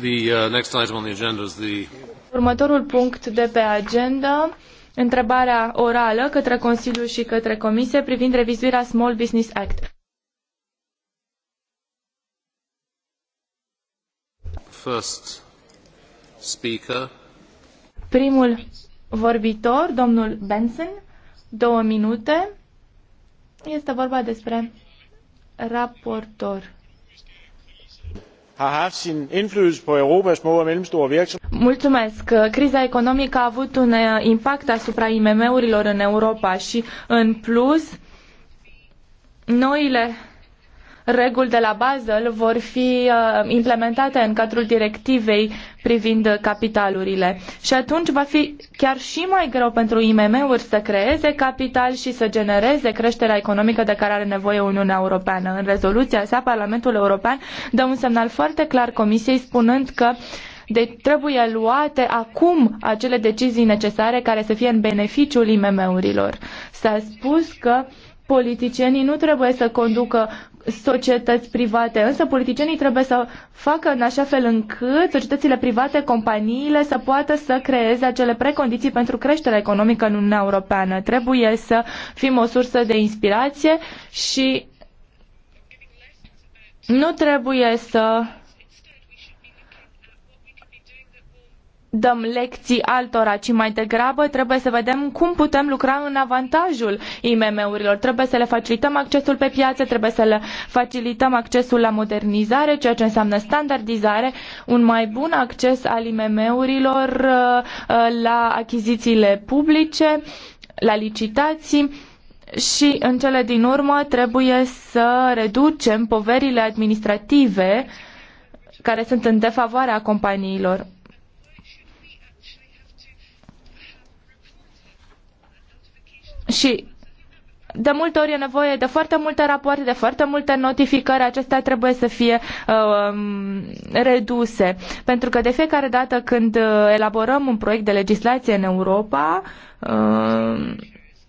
The, uh, next item on the agenda is the... Următorul punct de pe agenda, întrebarea orală către Consiliu și către Comisie privind revizuirea Small Business Act. First speaker. Primul vorbitor, domnul Benson, două minute. Este vorba despre raportor har haft sin indflydelse på Europas små og mellemstore virksomheder. Mulțumesc. Criza economică a avut un uh, impact asupra IMM-urilor în Europa și în plus noile reguli de la Basel vor fi uh, implementate în cadrul directivei privind capitalurile. Și atunci va fi chiar și mai greu pentru IMM-uri să creeze capital și să genereze creșterea economică de care are nevoie Uniunea Europeană. În rezoluția sa, Parlamentul European dă un semnal foarte clar Comisiei spunând că de trebuie luate acum acele decizii necesare care să fie în beneficiul IMM-urilor. S-a spus că politicienii nu trebuie să conducă societăți private, însă politicienii trebuie să facă în așa fel încât societățile private, companiile să poată să creeze acele precondiții pentru creșterea economică în Uniunea Europeană. Trebuie să fim o sursă de inspirație și nu trebuie să dăm lecții altora, ci mai degrabă trebuie să vedem cum putem lucra în avantajul IMM-urilor. Trebuie să le facilităm accesul pe piață, trebuie să le facilităm accesul la modernizare, ceea ce înseamnă standardizare, un mai bun acces al IMM-urilor uh, uh, la achizițiile publice, la licitații. Și în cele din urmă trebuie să reducem poverile administrative care sunt în defavoarea companiilor. Și de multe ori e nevoie de foarte multe rapoarte, de foarte multe notificări, acestea trebuie să fie uh, reduse. Pentru că de fiecare dată când uh, elaborăm un proiect de legislație în Europa, uh,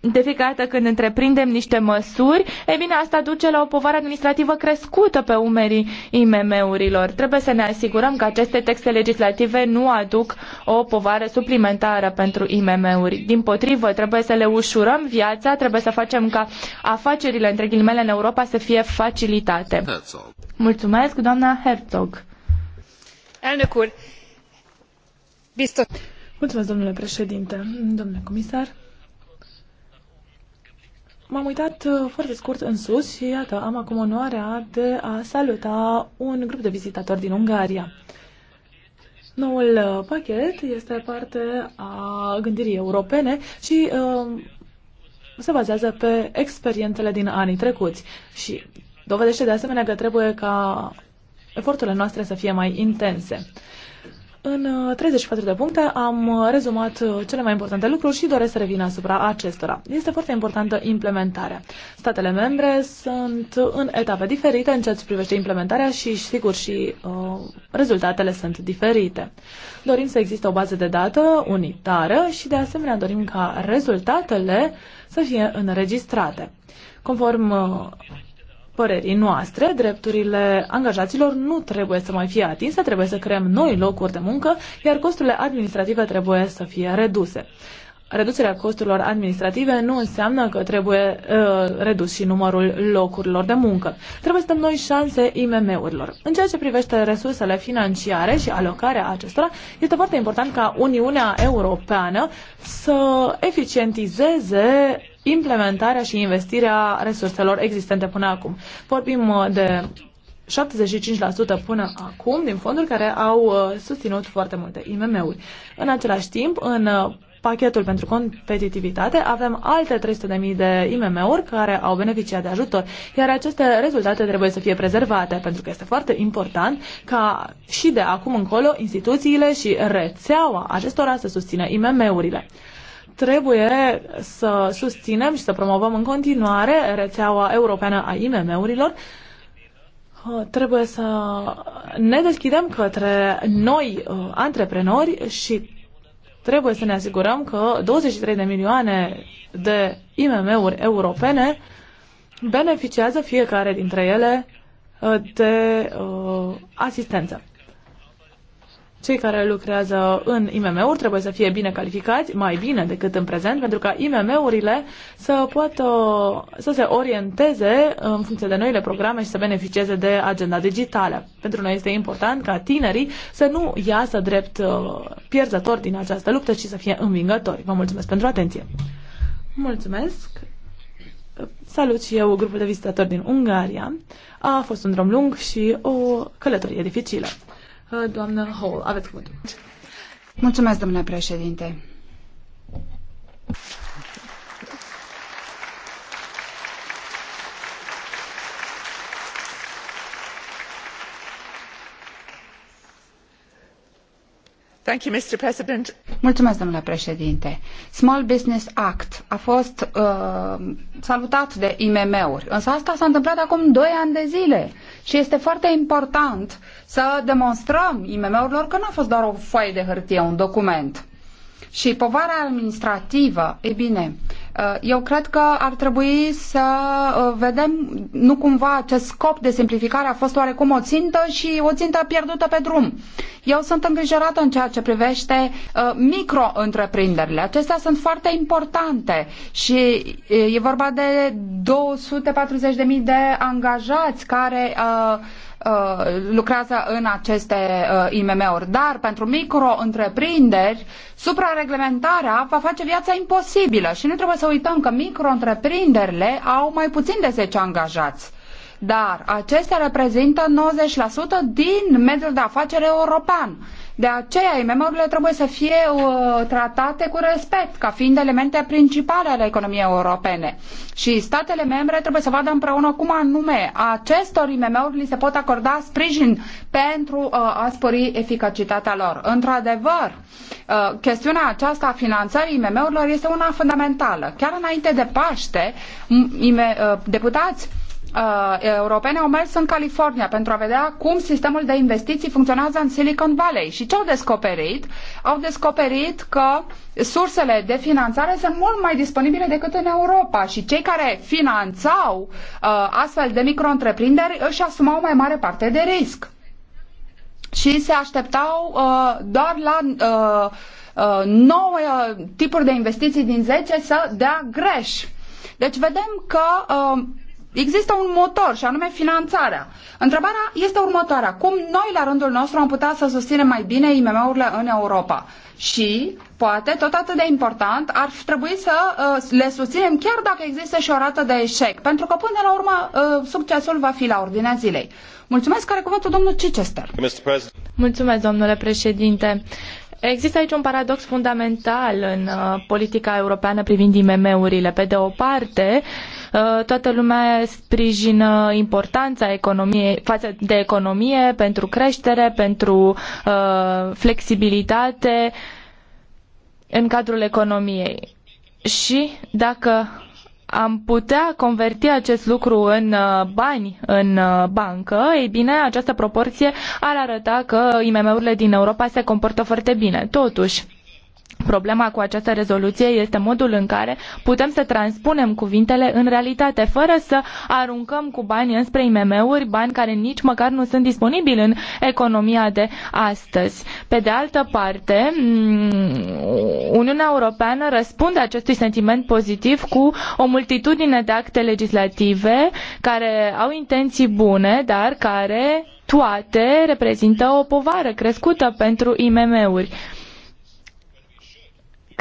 de fiecare dată când întreprindem niște măsuri, e bine, asta duce la o povară administrativă crescută pe umerii IMM-urilor. Trebuie să ne asigurăm că aceste texte legislative nu aduc o povară suplimentară pentru IMM-uri. Din potrivă, trebuie să le ușurăm viața, trebuie să facem ca afacerile, între ghilimele, în Europa să fie facilitate. Herzog. Mulțumesc, doamna Herzog. Elnök Mulțumesc, domnule președinte, domnule comisar. M-am uitat uh, foarte scurt în sus și iată, am acum onoarea de a saluta un grup de vizitatori din Ungaria. Noul uh, pachet este parte a gândirii europene și uh, se bazează pe experiențele din anii trecuți și dovedește de asemenea că trebuie ca eforturile noastre să fie mai intense. În 34 uh, de puncte am uh, rezumat uh, cele mai importante lucruri și doresc să revin asupra acestora. Este foarte importantă implementarea. Statele membre sunt în etape diferite în ceea ce privește implementarea și, sigur, și uh, rezultatele sunt diferite. Dorim să existe o bază de dată unitară și, de asemenea, dorim ca rezultatele să fie înregistrate. Conform uh, părerii noastre, drepturile angajaților nu trebuie să mai fie atinse, trebuie să creăm noi locuri de muncă, iar costurile administrative trebuie să fie reduse reducerea costurilor administrative nu înseamnă că trebuie uh, redus și numărul locurilor de muncă. Trebuie să dăm noi șanse IMM-urilor. În ceea ce privește resursele financiare și alocarea acestora, este foarte important ca Uniunea Europeană să eficientizeze implementarea și investirea resurselor existente până acum. Vorbim uh, de 75% până acum din fonduri care au uh, susținut foarte multe IMM-uri. În același timp, în uh, pachetul pentru competitivitate, avem alte 300.000 de IMM-uri care au beneficiat de ajutor, iar aceste rezultate trebuie să fie prezervate, pentru că este foarte important ca și de acum încolo instituțiile și rețeaua acestora să susțină IMM-urile trebuie să susținem și să promovăm în continuare rețeaua europeană a IMM-urilor. Trebuie să ne deschidem către noi uh, antreprenori și Trebuie să ne asigurăm că 23 de milioane de IMM-uri europene beneficiază fiecare dintre ele uh, de uh, asistență cei care lucrează în IMM-uri trebuie să fie bine calificați, mai bine decât în prezent, pentru ca IMM-urile să poată să se orienteze în funcție de noile programe și să beneficieze de agenda digitală. Pentru noi este important ca tinerii să nu iasă drept uh, pierzători din această luptă, ci să fie învingători. Vă mulțumesc pentru atenție! Mulțumesc! Salut și eu grupul de vizitatori din Ungaria. A fost un drum lung și o călătorie dificilă. Uh, doamnă Hall, aveți cuvântul. Mulțumesc, domnule președinte. Mulțumesc Domnule președinte. small business act a fost uh, salutat de imm uri însă asta s a întâmplat acum 2 ani de zile și este foarte important să demonstrăm IMM-urilor că nu a fost doar o foaie de hârtie, un document. Și povara administrativă, e bine, uh, eu cred că ar trebui să uh, vedem nu cumva acest scop de simplificare a fost oarecum o țintă și o țintă pierdută pe drum. Eu sunt îngrijorată în ceea ce privește uh, micro-întreprinderile. Acestea sunt foarte importante și e vorba de 240.000 de angajați care Uh, lucrează în aceste uh, IMM-uri. Dar pentru micro-întreprinderi, suprareglementarea va face viața imposibilă și nu trebuie să uităm că micro-întreprinderile au mai puțin de 10 angajați dar acestea reprezintă 90% din mediul de afaceri european de aceea, IMM-urile trebuie să fie uh, tratate cu respect, ca fiind elemente principale ale economiei europene. Și statele membre trebuie să vadă împreună cum anume acestor IMM-uri li se pot acorda sprijin pentru uh, a spori eficacitatea lor. Într-adevăr, uh, chestiunea aceasta a finanțării IMM-urilor este una fundamentală. Chiar înainte de Paște, uh, deputați Uh, europene au mers în California pentru a vedea cum sistemul de investiții funcționează în Silicon Valley. Și ce au descoperit? Au descoperit că sursele de finanțare sunt mult mai disponibile decât în Europa și cei care finanțau uh, astfel de micro-întreprinderi își asumau mai mare parte de risc. Și se așteptau uh, doar la uh, uh, nouă tipuri de investiții din 10 să dea greș. Deci vedem că uh, există un motor și anume finanțarea. Întrebarea este următoarea. Cum noi, la rândul nostru, am putea să susținem mai bine IMM-urile în Europa? Și, poate, tot atât de important, ar trebui să uh, le susținem chiar dacă există și o rată de eșec. Pentru că, până la urmă, uh, succesul va fi la ordinea zilei. Mulțumesc, care cuvântul domnul Chichester. Mulțumesc, domnule președinte. Există aici un paradox fundamental în uh, politica europeană privind IMM-urile. Pe de o parte, uh, Uh, toată lumea sprijină importanța economiei față de economie pentru creștere, pentru uh, flexibilitate în cadrul economiei. Și dacă am putea converti acest lucru în uh, bani în bancă, ei bine, această proporție ar arăta că IMM-urile din Europa se comportă foarte bine. Totuși, Problema cu această rezoluție este modul în care putem să transpunem cuvintele în realitate, fără să aruncăm cu bani înspre IMM-uri, bani care nici măcar nu sunt disponibili în economia de astăzi. Pe de altă parte, mm, Uniunea Europeană răspunde acestui sentiment pozitiv cu o multitudine de acte legislative care au intenții bune, dar care toate reprezintă o povară crescută pentru IMM-uri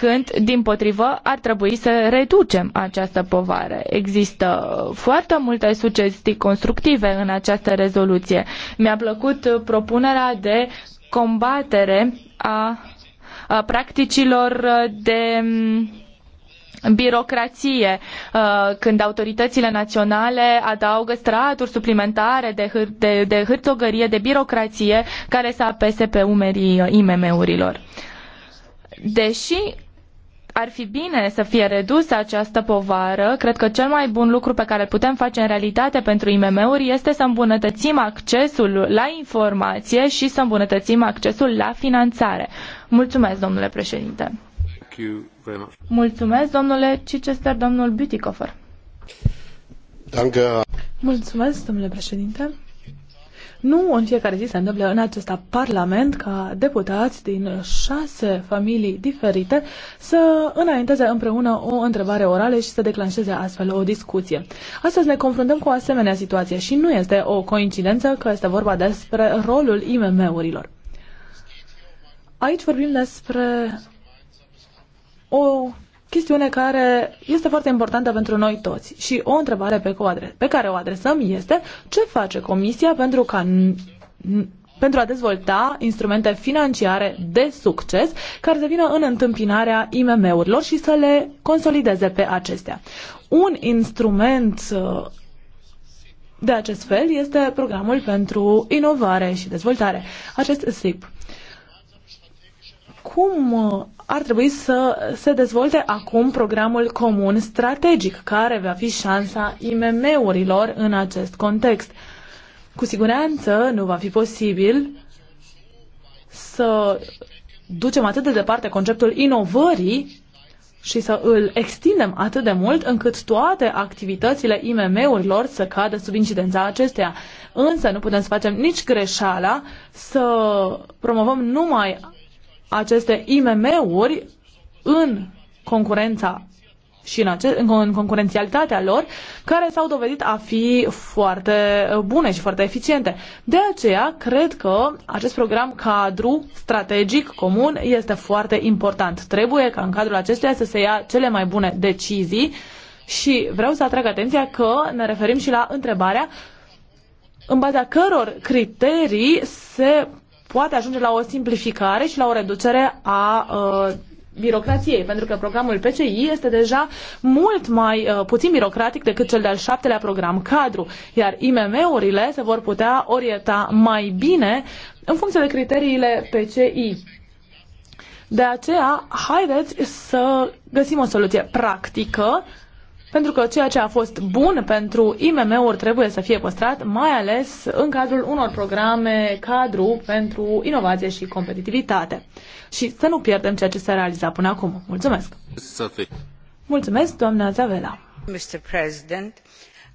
când, din potrivă, ar trebui să reducem această povară. Există foarte multe sugestii constructive în această rezoluție. Mi-a plăcut propunerea de combatere a, a practicilor de mm, birocrație, când autoritățile naționale adaugă straturi suplimentare de, hâr- de, de hârtogărie, de birocrație, care să apese pe umerii IMM-urilor. Deși ar fi bine să fie redusă această povară, cred că cel mai bun lucru pe care îl putem face în realitate pentru IMM-uri este să îmbunătățim accesul la informație și să îmbunătățim accesul la finanțare. Mulțumesc, domnule președinte. Mulțumesc, domnule Chichester, domnul Butikofer. Mulțumesc, domnule președinte. Nu în fiecare zi se întâmplă în acest parlament ca deputați din șase familii diferite să înainteze împreună o întrebare orală și să declanșeze astfel o discuție. Astăzi ne confruntăm cu o asemenea situație și nu este o coincidență că este vorba despre rolul IMM-urilor. Aici vorbim despre o chestiune care este foarte importantă pentru noi toți. Și o întrebare pe, pe care o adresăm este ce face Comisia pentru ca pentru a dezvolta instrumente financiare de succes care să vină în întâmpinarea IMM-urilor și să le consolideze pe acestea. Un instrument uh, de acest fel este programul pentru inovare și dezvoltare, acest SIP. Cum uh, ar trebui să se dezvolte acum programul comun strategic, care va fi șansa IMM-urilor în acest context. Cu siguranță nu va fi posibil să ducem atât de departe conceptul inovării și să îl extindem atât de mult încât toate activitățile IMM-urilor să cadă sub incidența acesteia. Însă nu putem să facem nici greșeala să promovăm numai aceste IMM-uri în concurența și în, ace- în concurențialitatea lor, care s-au dovedit a fi foarte bune și foarte eficiente. De aceea, cred că acest program cadru strategic comun este foarte important. Trebuie ca în cadrul acestuia să se ia cele mai bune decizii și vreau să atrag atenția că ne referim și la întrebarea în baza căror criterii se poate ajunge la o simplificare și la o reducere a uh, birocrației, pentru că programul PCI este deja mult mai uh, puțin birocratic decât cel de-al șaptelea program cadru, iar IMM-urile se vor putea orienta mai bine în funcție de criteriile PCI. De aceea, haideți să găsim o soluție practică pentru că ceea ce a fost bun pentru IMM-uri trebuie să fie păstrat, mai ales în cadrul unor programe cadru pentru inovație și competitivitate. Și să nu pierdem ceea ce s-a realizat până acum. Mulțumesc! Mulțumesc, doamna Zavela! Mr. President,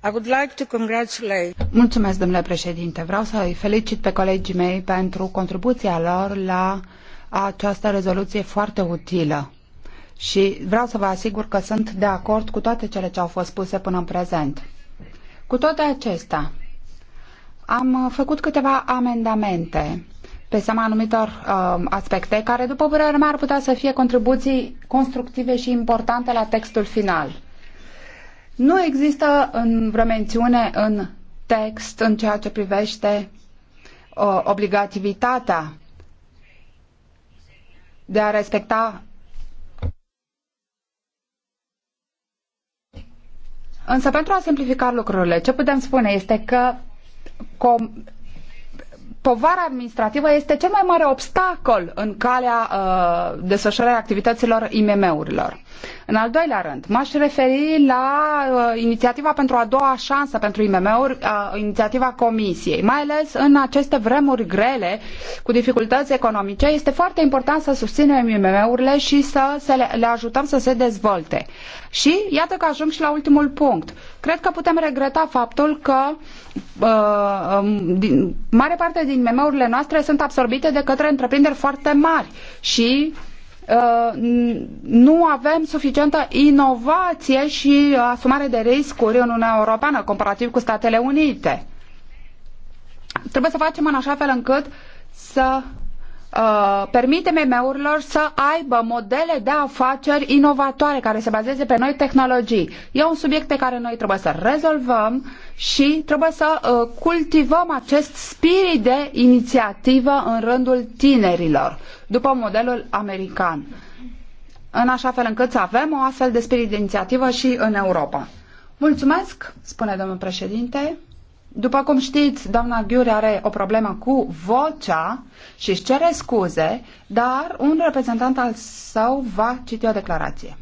I would like to congratulate... Mulțumesc, domnule președinte. Vreau să îi felicit pe colegii mei pentru contribuția lor la această rezoluție foarte utilă și vreau să vă asigur că sunt de acord cu toate cele ce au fost spuse până în prezent. Cu toate acestea, am făcut câteva amendamente pe seama anumitor uh, aspecte care, după părerea mea, ar putea să fie contribuții constructive și importante la textul final. Nu există în vreo mențiune în text în ceea ce privește uh, obligativitatea de a respecta Însă pentru a simplifica lucrurile, ce putem spune este că povara administrativă este cel mai mare obstacol în calea uh, desfășurării activităților IMM-urilor. În al doilea rând, m-aș referi la uh, inițiativa pentru a doua șansă pentru IMM-uri, uh, inițiativa Comisiei. Mai ales în aceste vremuri grele, cu dificultăți economice, este foarte important să susținem IMM-urile și să, să le, le ajutăm să se dezvolte. Și iată că ajung și la ultimul punct. Cred că putem regreta faptul că uh, um, din, mare parte din IMM-urile noastre sunt absorbite de către întreprinderi foarte mari și Uh, nu avem suficientă inovație și asumare de riscuri în Uniunea Europeană comparativ cu Statele Unite. Trebuie să facem în așa fel încât să Uh, permite MM-urilor să aibă modele de afaceri inovatoare care se bazeze pe noi tehnologii. E un subiect pe care noi trebuie să rezolvăm și trebuie să uh, cultivăm acest spirit de inițiativă în rândul tinerilor, după modelul american, în așa fel încât să avem o astfel de spirit de inițiativă și în Europa. Mulțumesc, spune domnul președinte. După cum știți, doamna Ghiuri are o problemă cu vocea și își cere scuze, dar un reprezentant al său va citi o declarație.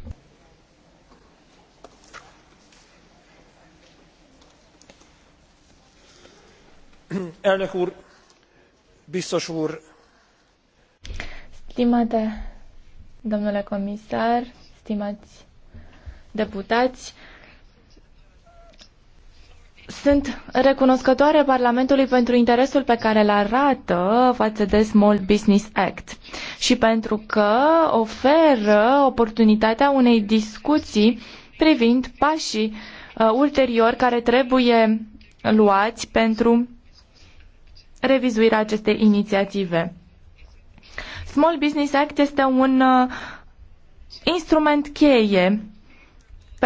Elnök úr, biztos úr. Stimate domnule comisar, stimați deputați, sunt recunoscătoare Parlamentului pentru interesul pe care îl arată față de Small Business Act și pentru că oferă oportunitatea unei discuții privind pașii uh, ulteriori care trebuie luați pentru revizuirea acestei inițiative. Small Business Act este un uh, instrument cheie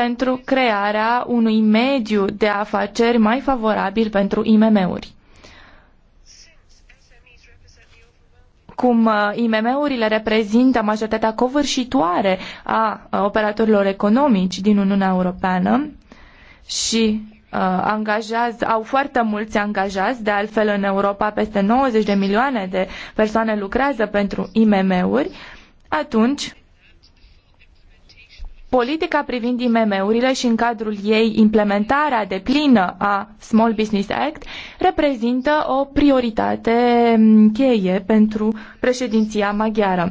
pentru crearea unui mediu de afaceri mai favorabil pentru IMM-uri. cum uh, IMM-urile reprezintă majoritatea covârșitoare a uh, operatorilor economici din Uniunea Europeană și uh, angajează, au foarte mulți angajați, de altfel în Europa peste 90 de milioane de persoane lucrează pentru IMM-uri, atunci politica privind IMM-urile și în cadrul ei implementarea deplină a Small Business Act reprezintă o prioritate cheie pentru președinția maghiară.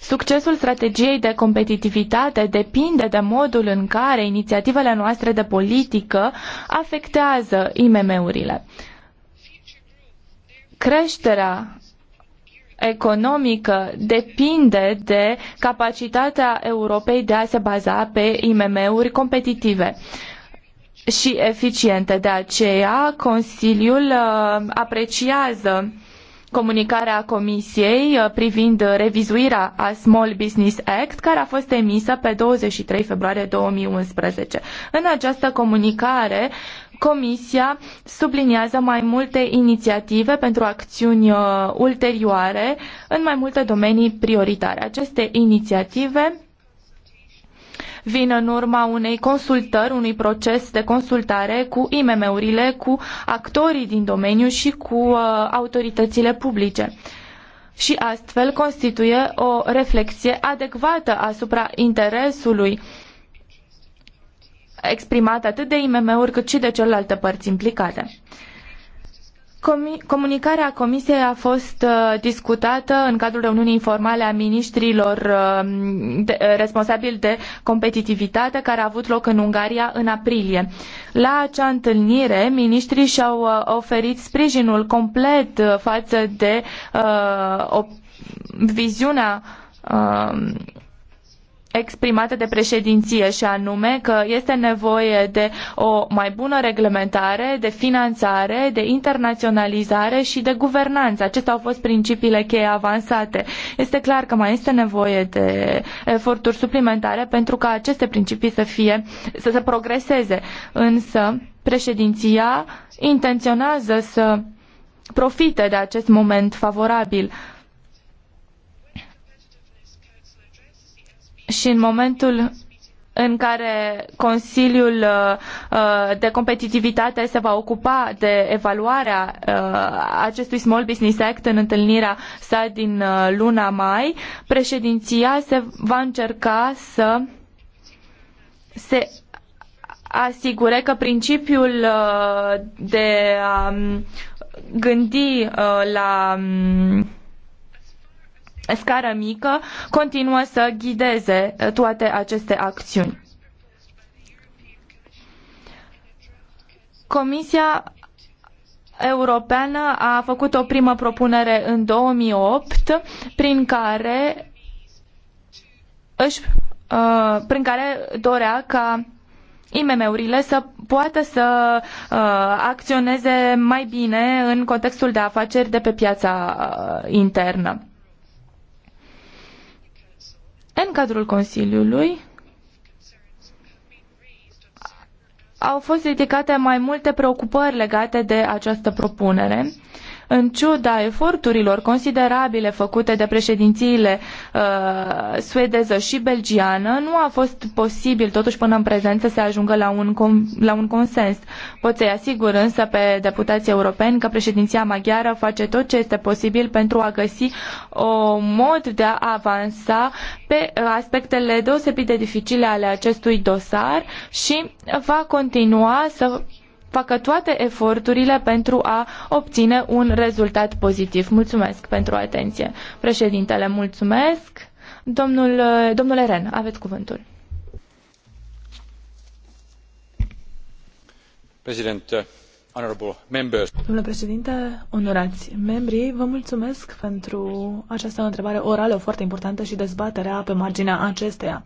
Succesul strategiei de competitivitate depinde de modul în care inițiativele noastre de politică afectează IMM-urile. Creșterea economică depinde de capacitatea Europei de a se baza pe IMM-uri competitive și eficiente. De aceea, Consiliul uh, apreciază comunicarea Comisiei uh, privind revizuirea a Small Business Act, care a fost emisă pe 23 februarie 2011. În această comunicare, Comisia subliniază mai multe inițiative pentru acțiuni uh, ulterioare în mai multe domenii prioritare. Aceste inițiative vin în urma unei consultări, unui proces de consultare cu IMM-urile, cu actorii din domeniu și cu uh, autoritățile publice și astfel constituie o reflexie adecvată asupra interesului uh, exprimat atât de IMM-uri cât și de celelalte părți implicate. Comunicarea Comisiei a fost uh, discutată în cadrul reuniunii informale a ministrilor um, uh, responsabili de competitivitate care a avut loc în Ungaria în aprilie. La acea întâlnire, ministrii și-au uh, oferit sprijinul complet față de uh, o, viziunea uh, exprimate de președinție și anume că este nevoie de o mai bună reglementare, de finanțare, de internaționalizare și de guvernanță. Acestea au fost principiile cheie avansate. Este clar că mai este nevoie de eforturi suplimentare pentru ca aceste principii să fie să se progreseze. Însă președinția intenționează să profite de acest moment favorabil și în momentul în care Consiliul uh, uh, de Competitivitate se va ocupa de evaluarea uh, acestui Small Business Act în întâlnirea sa din luna mai, președinția se va încerca să se asigure că principiul de a um, gândi la um, scară mică continuă să ghideze uh, toate aceste acțiuni. Comisia Europeană a făcut o primă propunere în 2008 prin care își, uh, prin care dorea ca IMM-urile să poată să uh, acționeze mai bine în contextul de afaceri de pe piața internă. În cadrul Consiliului au fost ridicate mai multe preocupări legate de această propunere în ciuda eforturilor considerabile făcute de președințiile uh, suedeză și belgiană, nu a fost posibil totuși până în prezent să se ajungă la un, com- la un consens. Pot să-i asigur însă pe deputații europeni că președinția maghiară face tot ce este posibil pentru a găsi un mod de a avansa pe aspectele deosebit de dificile ale acestui dosar și va continua să facă toate eforturile pentru a obține un rezultat pozitiv. Mulțumesc pentru atenție. Președintele, mulțumesc. Domnul, domnule Ren, aveți cuvântul. President, Domnule președinte, onorați membrii vă mulțumesc pentru această întrebare orală foarte importantă și dezbaterea pe marginea acesteia.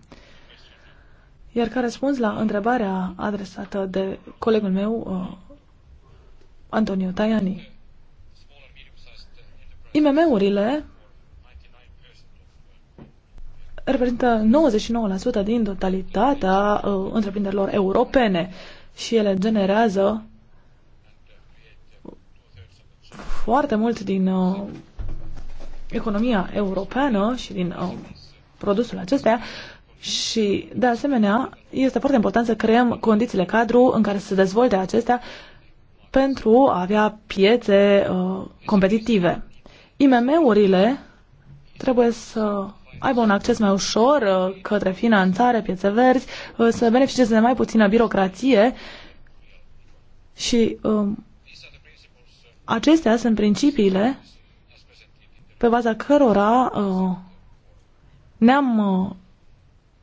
Iar ca răspuns la întrebarea adresată de colegul meu, uh, Antonio Tajani, IMM-urile reprezintă 99% din totalitatea uh, întreprinderilor europene și ele generează foarte mult din uh, economia europeană și din uh, produsul acestea și, de asemenea, este foarte important să creăm condițiile cadru în care să se dezvolte acestea pentru a avea piețe uh, competitive. IMM-urile trebuie să aibă un acces mai ușor uh, către finanțare, piețe verzi, uh, să beneficieze de mai puțină birocrație și uh, acestea sunt principiile pe baza cărora uh, ne-am uh,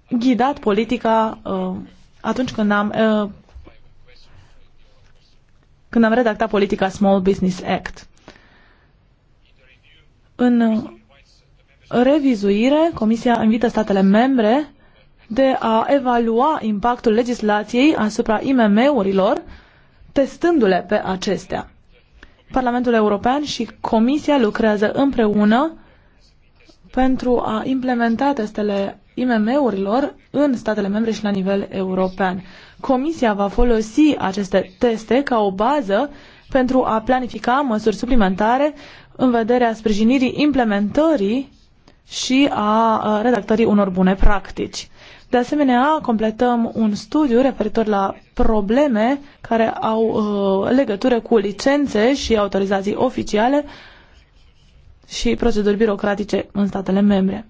ghidat politica uh, atunci când am uh, când am redactat politica Small Business Act. În revizuire, Comisia invită statele membre de a evalua impactul legislației asupra IMM-urilor, testându-le pe acestea. Parlamentul European și Comisia lucrează împreună pentru a implementa testele IMM-urilor în statele membre și la nivel european. Comisia va folosi aceste teste ca o bază pentru a planifica măsuri suplimentare în vederea sprijinirii implementării și a redactării unor bune practici. De asemenea, completăm un studiu referitor la probleme care au uh, legătură cu licențe și autorizații oficiale și proceduri birocratice în statele membre.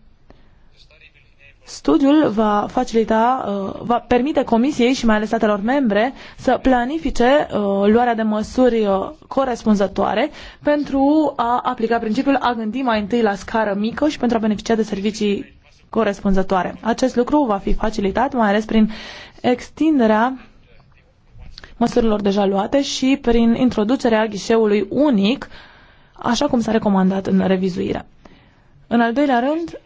Studiul va facilita, uh, va permite Comisiei și mai ales statelor membre să planifice uh, luarea de măsuri uh, corespunzătoare pentru a aplica principiul a gândi mai întâi la scară mică și pentru a beneficia de servicii corespunzătoare. Acest lucru va fi facilitat mai ales prin extinderea măsurilor deja luate și prin introducerea ghișeului unic, așa cum s-a recomandat în revizuire. În al doilea rând,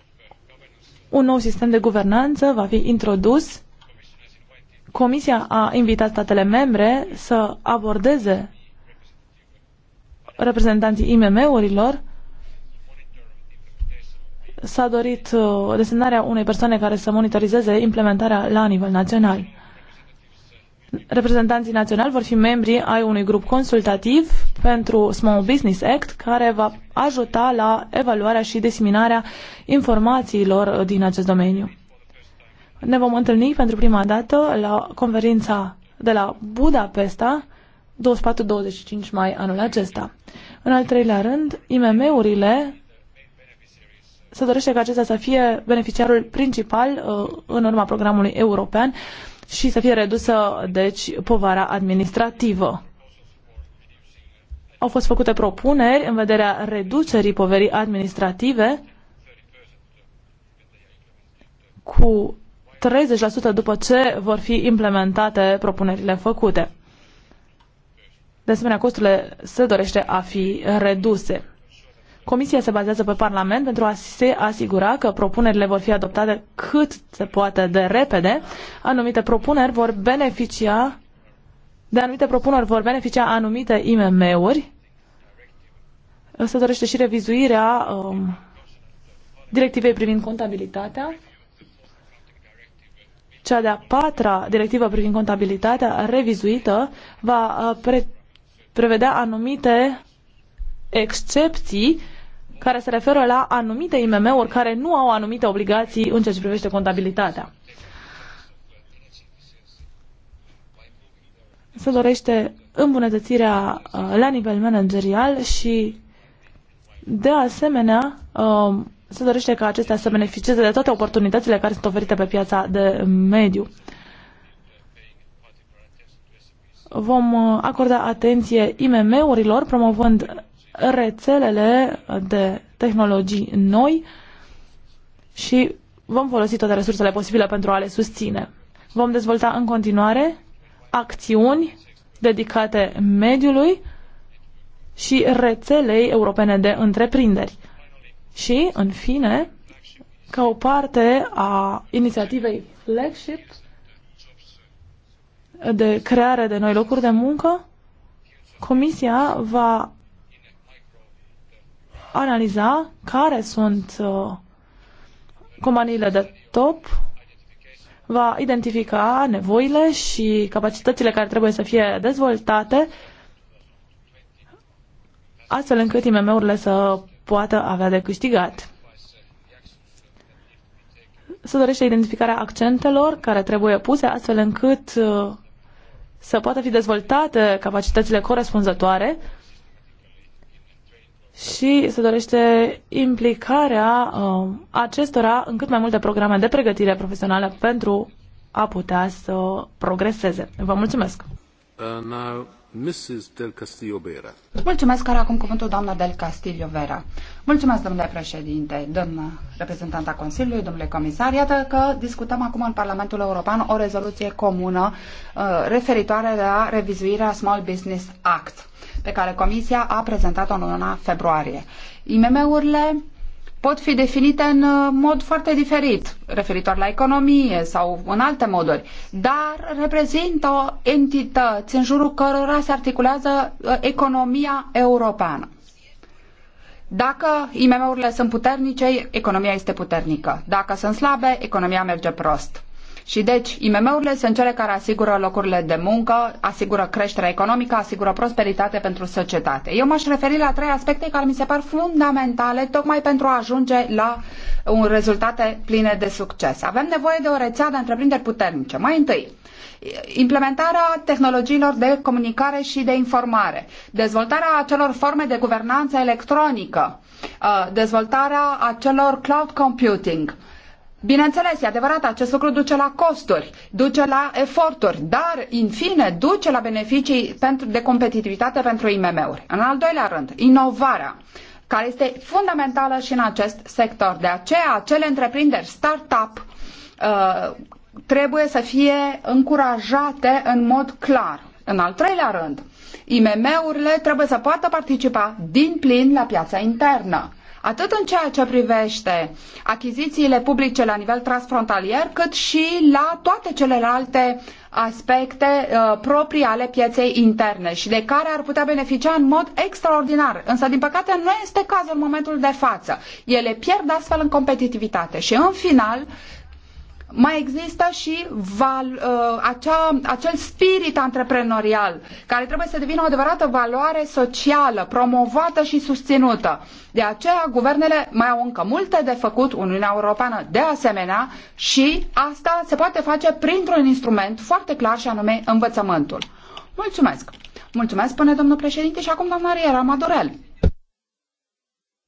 un nou sistem de guvernanță va fi introdus. Comisia a invitat statele membre să abordeze reprezentanții IMM-urilor. S-a dorit uh, desemnarea unei persoane care să monitorizeze implementarea la nivel național. Reprezentanții naționali vor fi membri ai unui grup consultativ pentru Small Business Act care va ajuta la evaluarea și diseminarea informațiilor din acest domeniu. Ne vom întâlni pentru prima dată la conferința de la Budapesta 24-25 mai anul acesta. În al treilea rând, IMM-urile se dorește ca acesta să fie beneficiarul principal uh, în urma programului european și să fie redusă, deci, povara administrativă. Au fost făcute propuneri în vederea reducerii poverii administrative cu 30% după ce vor fi implementate propunerile făcute. De asemenea, costurile se dorește a fi reduse. Comisia se bazează pe Parlament pentru a se asigura că propunerile vor fi adoptate cât se poate de repede. Anumite propuneri vor beneficia de anumite propuneri vor beneficia anumite IMM-uri. Se dorește și revizuirea um, directivei privind contabilitatea. Cea de-a patra directivă privind contabilitatea revizuită va uh, pre- prevedea anumite excepții care se referă la anumite IMM-uri care nu au anumite obligații în ceea ce privește contabilitatea. Se dorește îmbunătățirea uh, la nivel managerial și de asemenea um, se dorește ca acestea să beneficieze de toate oportunitățile care sunt oferite pe piața de mediu. Vom uh, acorda atenție IMM-urilor, promovând rețelele de tehnologii noi și vom folosi toate resursele posibile pentru a le susține. Vom dezvolta în continuare acțiuni dedicate mediului și rețelei europene de întreprinderi. Și, în fine, ca o parte a inițiativei flagship de creare de noi locuri de muncă, Comisia va analiza care sunt uh, companiile de top, va identifica nevoile și capacitățile care trebuie să fie dezvoltate astfel încât IMM-urile să poată avea de câștigat. Se dorește identificarea accentelor care trebuie puse astfel încât uh, să poată fi dezvoltate capacitățile corespunzătoare și se dorește implicarea uh, acestora în cât mai multe programe de pregătire profesională pentru a putea să progreseze. Vă mulțumesc! Uh, now... Mrs. Del Castillo Vera. Mulțumesc, acum cuvântul doamna Del Castillo Vera. Mulțumesc, domnule președinte, domnă reprezentanta Consiliului, domnule comisar. Iată că discutăm acum în Parlamentul European o rezoluție comună uh, referitoare la revizuirea Small Business Act, pe care Comisia a prezentat-o în luna februarie. IMM-urile pot fi definite în uh, mod foarte diferit, referitor la economie sau în alte moduri, dar reprezintă entități în jurul cărora se articulează uh, economia europeană. Dacă IMM-urile sunt puternice, economia este puternică. Dacă sunt slabe, economia merge prost. Și deci, IMM-urile sunt cele care asigură locurile de muncă, asigură creșterea economică, asigură prosperitate pentru societate. Eu m-aș referi la trei aspecte care mi se par fundamentale tocmai pentru a ajunge la un rezultate pline de succes. Avem nevoie de o rețea de întreprinderi puternice. Mai întâi, implementarea tehnologiilor de comunicare și de informare, dezvoltarea acelor forme de guvernanță electronică, uh, dezvoltarea acelor cloud computing, Bineînțeles, e adevărat, acest lucru duce la costuri, duce la eforturi, dar, în fine, duce la beneficii pentru, de competitivitate pentru IMM-uri. În al doilea rând, inovarea care este fundamentală și în acest sector. De aceea, acele întreprinderi start-up uh, trebuie să fie încurajate în mod clar. În al treilea rând, IMM-urile trebuie să poată participa din plin la piața internă atât în ceea ce privește achizițiile publice la nivel transfrontalier, cât și la toate celelalte aspecte uh, proprii ale pieței interne și de care ar putea beneficia în mod extraordinar. Însă, din păcate, nu este cazul în momentul de față. Ele pierd astfel în competitivitate și, în final, mai există și val, uh, acea, acel spirit antreprenorial care trebuie să devină o adevărată valoare socială, promovată și susținută. De aceea, guvernele mai au încă multe de făcut, Uniunea Europeană de asemenea, și asta se poate face printr-un instrument foarte clar și anume învățământul. Mulțumesc! Mulțumesc, spune domnul președinte, și acum doamna Riera Madurel.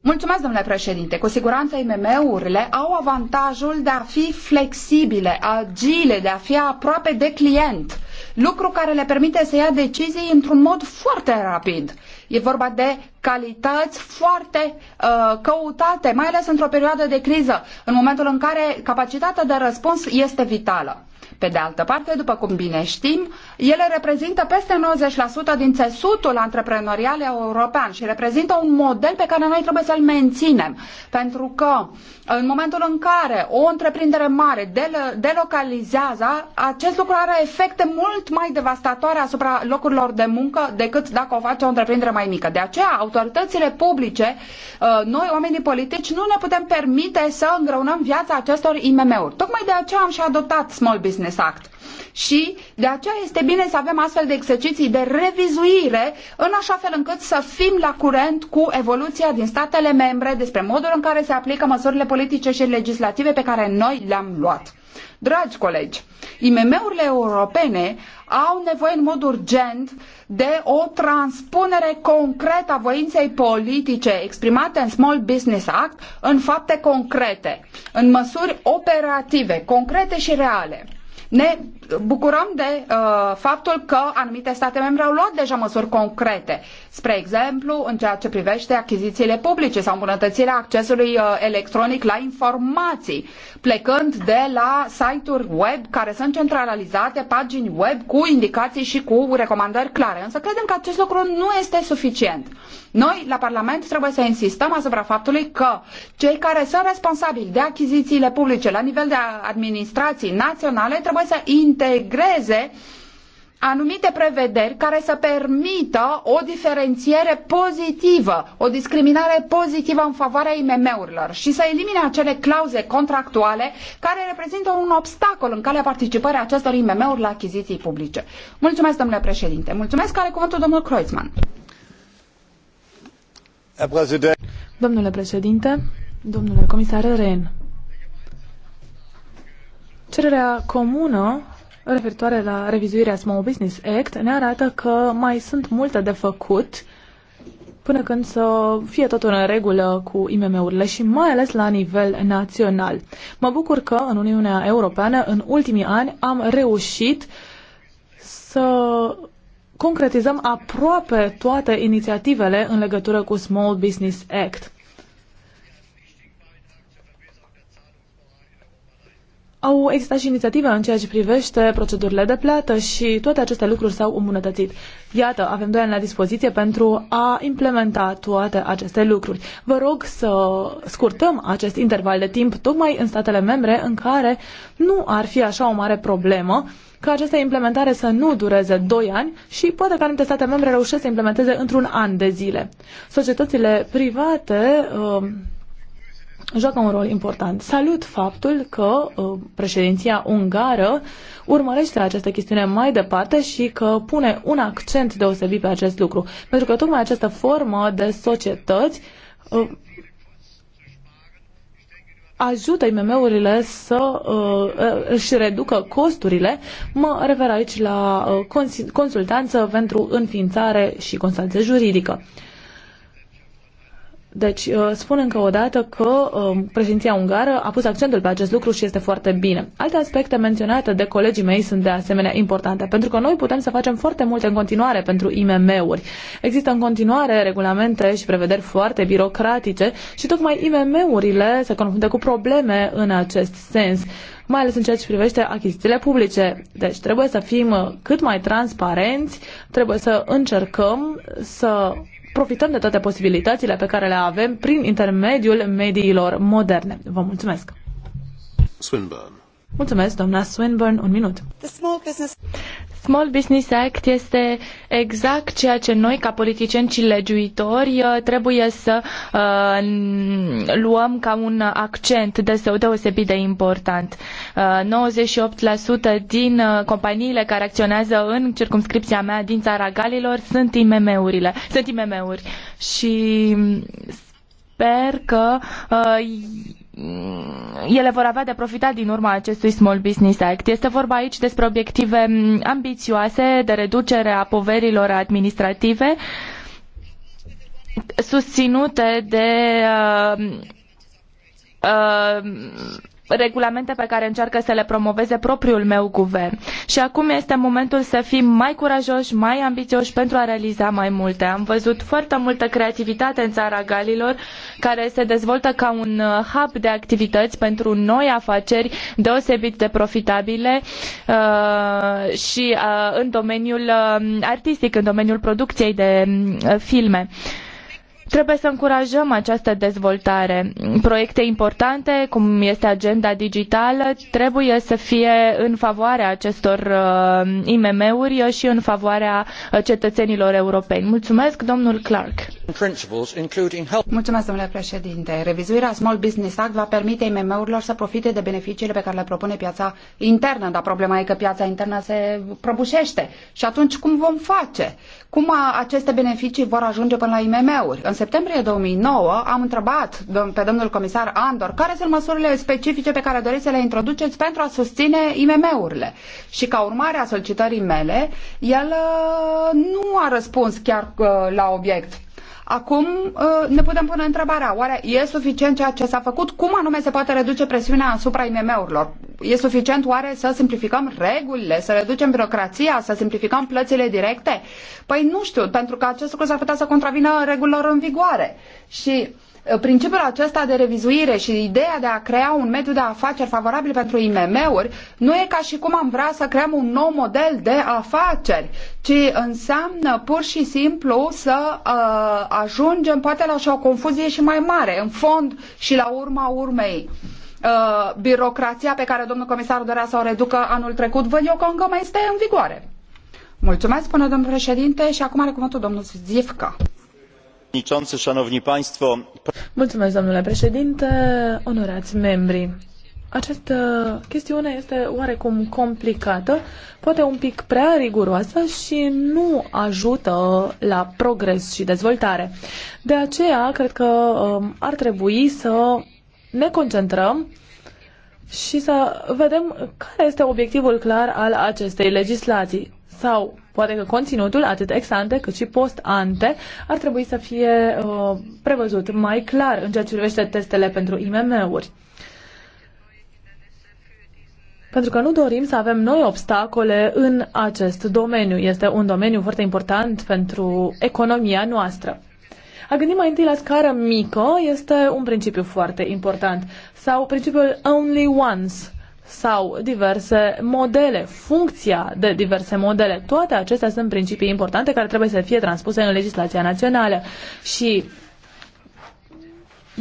Mulțumesc, domnule președinte. Cu siguranță IMM-urile au avantajul de a fi flexibile, agile, de a fi aproape de client, lucru care le permite să ia decizii într-un mod foarte rapid. E vorba de calități foarte uh, căutate, mai ales într-o perioadă de criză, în momentul în care capacitatea de răspuns este vitală. Pe de altă parte, după cum bine știm, ele reprezintă peste 90% din țesutul antreprenorial european și reprezintă un model pe care noi trebuie să-l menținem. Pentru că în momentul în care o întreprindere mare delocalizează, acest lucru are efecte mult mai devastatoare asupra locurilor de muncă decât dacă o face o întreprindere mai mică. De aceea, autoritățile publice, uh, noi, oamenii politici, nu ne putem permite să îngreunăm viața acestor IMM-uri. Tocmai de aceea am și adoptat Small Business exact. Și de aceea este bine să avem astfel de exerciții de revizuire, în așa fel încât să fim la curent cu evoluția din statele membre despre modul în care se aplică măsurile politice și legislative pe care noi le-am luat. Dragi colegi, IMM-urile europene au nevoie în mod urgent de o transpunere concretă a voinței politice exprimate în Small Business Act în fapte concrete, în măsuri operative, concrete și reale ne bucurăm de uh, faptul că anumite state membre au luat deja măsuri concrete, spre exemplu în ceea ce privește achizițiile publice sau îmbunătățirea accesului uh, electronic la informații, plecând de la site-uri web care sunt centralizate, pagini web cu indicații și cu recomandări clare. Însă credem că acest lucru nu este suficient. Noi, la Parlament, trebuie să insistăm asupra faptului că cei care sunt responsabili de achizițiile publice la nivel de administrații naționale trebuie să intre integreze anumite prevederi care să permită o diferențiere pozitivă, o discriminare pozitivă în favoarea IMM-urilor și să elimine acele clauze contractuale care reprezintă un obstacol în calea participării acestor IMM-uri la achiziții publice. Mulțumesc, domnule președinte. Mulțumesc, care cuvântul domnul Kreuzmann. Domnule președinte, domnule comisar Ren, cererea comună referitoare la revizuirea Small Business Act ne arată că mai sunt multe de făcut până când să fie totul în regulă cu IMM-urile și mai ales la nivel național. Mă bucur că în Uniunea Europeană în ultimii ani am reușit să concretizăm aproape toate inițiativele în legătură cu Small Business Act. Au existat și inițiative în ceea ce privește procedurile de plată și toate aceste lucruri s-au îmbunătățit. Iată, avem doi ani la dispoziție pentru a implementa toate aceste lucruri. Vă rog să scurtăm acest interval de timp tocmai în statele membre în care nu ar fi așa o mare problemă ca această implementare să nu dureze 2 ani și poate că anumite state membre reușesc să implementeze într-un an de zile. Societățile private uh, joacă un rol important. Salut faptul că uh, președinția ungară urmărește această chestiune mai departe și că pune un accent deosebit pe acest lucru, pentru că tocmai această formă de societăți uh, ajută IMM-urile să uh, își reducă costurile. Mă refer aici la uh, consultanță pentru înființare și consultanță juridică. Uh, deci, uh, spun încă o dată că um, președinția ungară a pus accentul pe acest lucru și este foarte bine. Alte aspecte menționate de colegii mei sunt de asemenea importante, pentru că noi putem să facem foarte multe în continuare pentru IMM-uri. Există în continuare regulamente și prevederi foarte birocratice și tocmai IMM-urile se confruntă cu probleme în acest sens mai ales în ceea ce privește achizițiile publice. Deci trebuie să fim cât mai transparenți, trebuie să încercăm să profităm de toate posibilitățile pe care le avem prin intermediul mediilor moderne. Vă mulțumesc! Swinburne. Mulțumesc, doamna Swinburne. Un minut. Small Business Act este exact ceea ce noi, ca politicieni și legiuitori, uh, trebuie să uh, luăm ca un accent deseu deosebit de important. Uh, 98% din uh, companiile care acționează în circumscripția mea din țara Galilor sunt IMM-urile, sunt IMM-uri și sper că uh, Mm, ele vor avea de profitat din urma acestui Small Business Act. Este vorba aici despre obiective ambițioase de reducere a poverilor administrative susținute de uh, uh, regulamente pe care încearcă să le promoveze propriul meu guvern. Și acum este momentul să fim mai curajoși, mai ambițioși pentru a realiza mai multe. Am văzut foarte multă creativitate în țara Galilor, care se dezvoltă ca un uh, hub de activități pentru noi afaceri deosebit de profitabile uh, și uh, în domeniul um, artistic, în domeniul producției de uh, filme. Uh, Trebuie să încurajăm această dezvoltare. Proiecte importante, cum este agenda digitală, trebuie să fie în favoarea acestor uh, IMM-uri și în favoarea uh, cetățenilor europeni. Mulțumesc, domnul Clark. Mulțumesc, domnule președinte. Revizuirea Small Business Act va permite IMM-urilor să profite de beneficiile pe care le propune piața internă, dar problema e că piața internă se prăbușește. Și atunci cum vom face? Cum aceste beneficii vor ajunge până la IMM-uri? septembrie 2009 am întrebat pe domnul comisar Andor care sunt măsurile specifice pe care doriți să le introduceți pentru a susține IMM-urile. Și ca urmare a solicitării mele, el uh, nu a răspuns chiar uh, la obiect Acum uh, ne putem pune întrebarea, oare e suficient ceea ce s-a făcut? Cum anume se poate reduce presiunea asupra IMM-urilor? E suficient oare să simplificăm regulile, să reducem birocrația, să simplificăm plățile directe? Păi nu știu, pentru că acest lucru s-ar putea să contravină regulilor în vigoare. Și uh, Eh, principiul acesta de revizuire și ideea de a crea un mediu de afaceri favorabil pentru IMM-uri nu e ca și cum am vrea să creăm un nou model de afaceri, ci înseamnă pur și simplu să uh, ajungem poate la o confuzie și mai mare, în fond și la urma urmei. Uh, birocrația pe care domnul comisar dorea să o reducă anul trecut, văd eu că încă mai este în vigoare. Mulțumesc, până domnul președinte, și acum are cuvântul domnul Zivca. Mulțumesc, domnule președinte, membri. Această chestiune este oarecum complicată, poate un pic prea riguroasă și nu ajută la progres și dezvoltare. De aceea, cred că um, ar trebui să ne concentrăm și să vedem care este obiectivul clar al acestei legislații sau Poate că conținutul, atât ex-ante cât și post-ante, ar trebui să fie uh, prevăzut mai clar în ceea ce privește testele pentru IMM-uri. Pentru că nu dorim să avem noi obstacole în acest domeniu. Este un domeniu foarte important pentru economia noastră. A gândi mai întâi la scară mică este un principiu foarte important. Sau principiul only once sau diverse modele, funcția de diverse modele. Toate acestea sunt principii importante care trebuie să fie transpuse în legislația națională și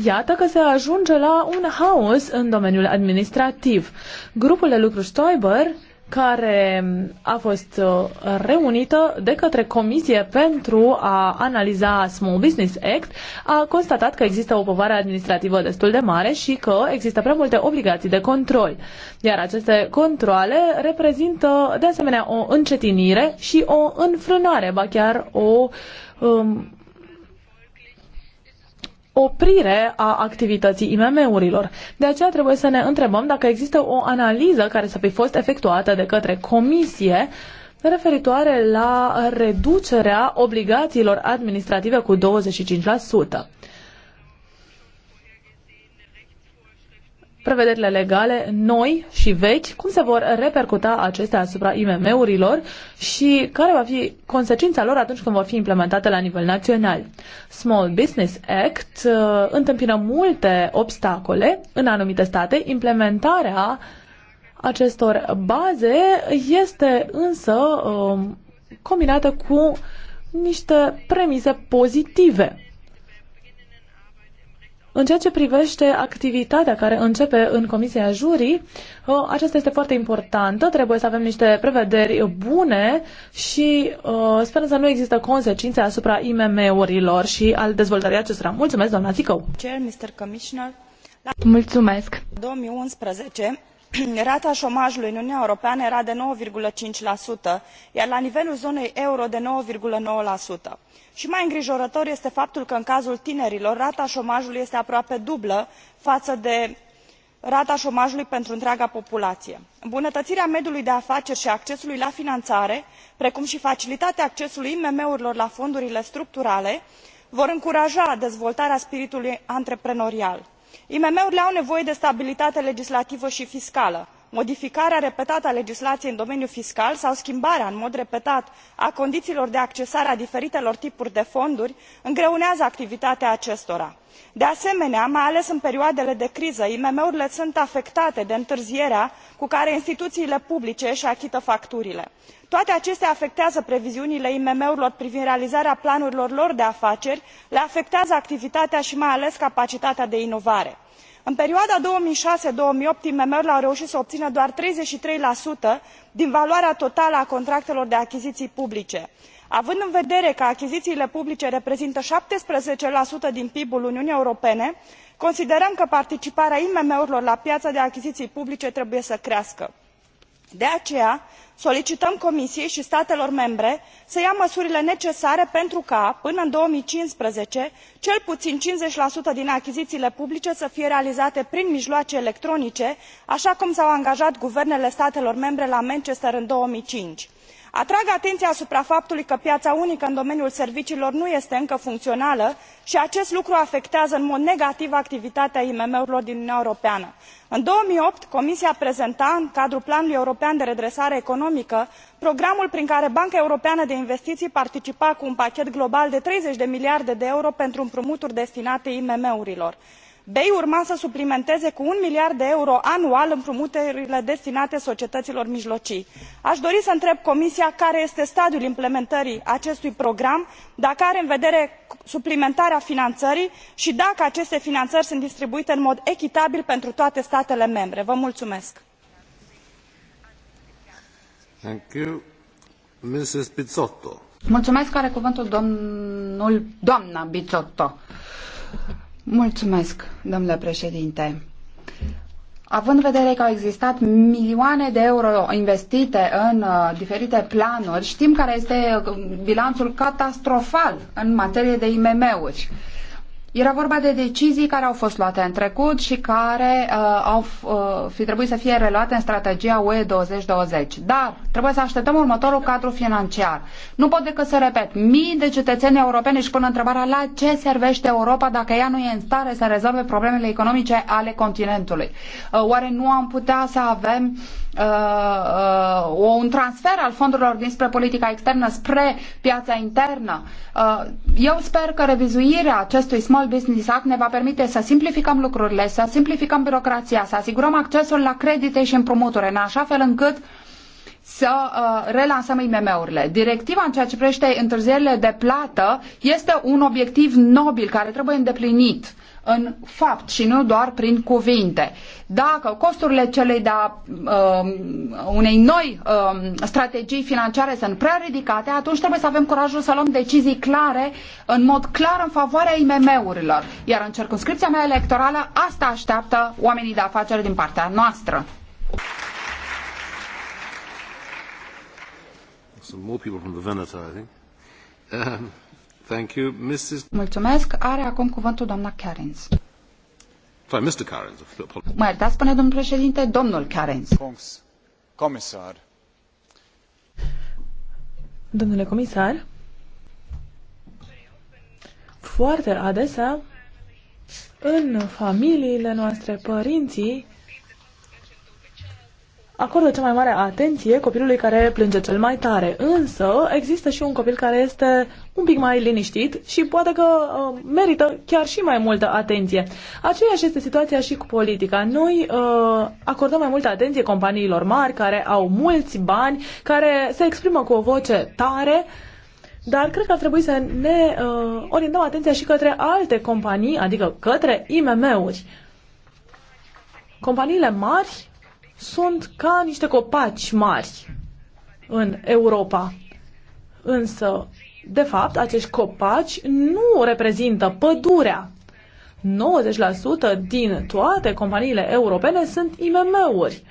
Iată că se ajunge la un haos în domeniul administrativ. Grupul de lucru Stoiber care a fost uh, reunită de către Comisie pentru a analiza Small Business Act, a constatat că există o povară administrativă destul de mare și că există prea multe obligații de control. Iar aceste controle reprezintă de asemenea o încetinire și o înfrânare, ba chiar o um, oprire a activității IMM-urilor. De aceea trebuie să ne întrebăm dacă există o analiză care să fi fost efectuată de către comisie referitoare la reducerea obligațiilor administrative cu 25%. prevederile legale noi și vechi, cum se vor repercuta acestea asupra IMM-urilor și care va fi consecința lor atunci când vor fi implementate la nivel național. Small Business Act uh, întâmpină multe obstacole în anumite state. Implementarea acestor baze este însă um, combinată cu niște premise pozitive. În ceea ce privește activitatea care începe în Comisia Jurii, aceasta este foarte importantă. Trebuie să avem niște prevederi bune și uh, sperăm să nu există consecințe asupra IMM-urilor și al dezvoltării acestora. Mulțumesc, doamna Zicău! Mulțumesc! 2011 rata omajului în uniunea europeană era de nouă cinci iar la nivelul zonei euro de. nouă nouă i mai îngrijorător este faptul că în cazul tinerilor rata omajului este aproape dublă faă de rata omajului pentru întreaga populaie. îmbunătăirea mediului de afaceri i a accesului la finanare precum i facilitatea accesului imm urilor la fondurile structurale vor încuraja dezvoltarea spiritului antreprenorial imm urile au nevoie de stabilitate legislativă i fiscală modificarea repetată a legislaiei în domeniul fiscal sau schimbarea în mod repetat a condiiilor de accesare a diferitelor tipuri de fonduri îngreunează activitatea acestora. de asemenea mai ales în perioadele de criză imm urile sunt afectate de întârzierea cu care instituiile publice îi achită facturile. toate acestea afectează previziunile imm urilor privind realizarea planurilor lor de afaceri le afectează activitatea i mai ales capacitatea de inovare în perioada două mii șase două mii opt imm urile au reuit să obină doar treizeci și trei din valoarea totală a contractelor de achiziii publice. având în vedere că achiziiile publice reprezintă șaptesprezece din pib ul uniunii europene considerăm că participarea imm urilor la piaa de achiziii publice trebuie să crească. de aceea solicităm comisiei i statelor membre să ia măsurile necesare pentru ca până în două mii cincisprezece cel puin cincizeci din achiziiile publice să fie realizate prin mijloace electronice aa cum s au angajat guvernele statelor membre la manchester în două mii cinci atrag atenia asupra faptului că piaa unică în domeniul serviciilor nu este încă funcională i acest lucru afectează în mod negativ activitatea imm urilor din uniunea europeană. în două mii opt comisia prezenta în cadrul planului european de redresare economică programul prin care banca europeană de investiii participa cu un pachet global de treizeci de miliarde de euro pentru împrumuturi destinate imm urilor bei urma să suplimenteze cu un miliard de euro anual împrumuturile destinate societăților mijlocii. aș dori să întreb comisia care este stadiul implementării acestui program dacă are în vedere suplimentarea finanțării și dacă aceste finanțări sunt distribuite în mod echitabil pentru toate statele membre. Vă mulțumesc. Mulțumesc, cuvântul domnul, Bizzotto. Mulțumesc, domnule președinte. Având în vedere că au existat milioane de euro investite în uh, diferite planuri, știm care este uh, bilanțul catastrofal în materie de IMM-uri. Uh, era vorba de decizii care au fost luate în trecut și care uh, au uh, fi trebuit să fie reluate în strategia UE 2020. Dar trebuie să așteptăm următorul cadru financiar. Nu pot decât să repet, mii de cetățeni europeni își pun întrebarea la ce servește Europa dacă ea nu e în stare să rezolve problemele economice ale continentului. Uh, oare nu am putea să avem uh, uh, uh, un transfer al fondurilor dinspre politica externă spre piața internă. Uh, eu sper că revizuirea acestui Small Business Act ne va permite să simplificăm lucrurile, să simplificăm birocrația, să asigurăm accesul la credite și împrumuturi, în așa fel încât să uh, relansăm IMM-urile. Directiva în ceea ce privește întârzierile de plată este un obiectiv nobil care trebuie îndeplinit în fapt și nu doar prin cuvinte. Dacă costurile celei de-a uh, unei noi uh, strategii financiare sunt prea ridicate, atunci trebuie să avem curajul să luăm decizii clare, în mod clar în favoarea IMM-urilor. Iar în circunscripția mea electorală, asta așteaptă oamenii de afaceri din partea noastră. Some more people from the Veneta, I think. Um... Thank you. Mrs. Mulțumesc. Are acum cuvântul doamna Carins. Sorry, Mr. Carins. Mă iertați, spune domnul președinte, domnul Carins. Comisar. Domnule comisar, foarte adesea în familiile noastre, părinții acordă cea mai mare atenție copilului care plânge cel mai tare. Însă există și un copil care este un pic mai liniștit și poate că uh, merită chiar și mai multă atenție. Aceeași este situația și cu politica. Noi uh, acordăm mai multă atenție companiilor mari care au mulți bani, care se exprimă cu o voce tare, dar cred că ar trebui să ne uh, orientăm atenția și către alte companii, adică către IMM-uri. Companiile mari sunt ca niște copaci mari în Europa. Însă, de fapt, acești copaci nu reprezintă pădurea. 90% din toate companiile europene sunt IMM-uri.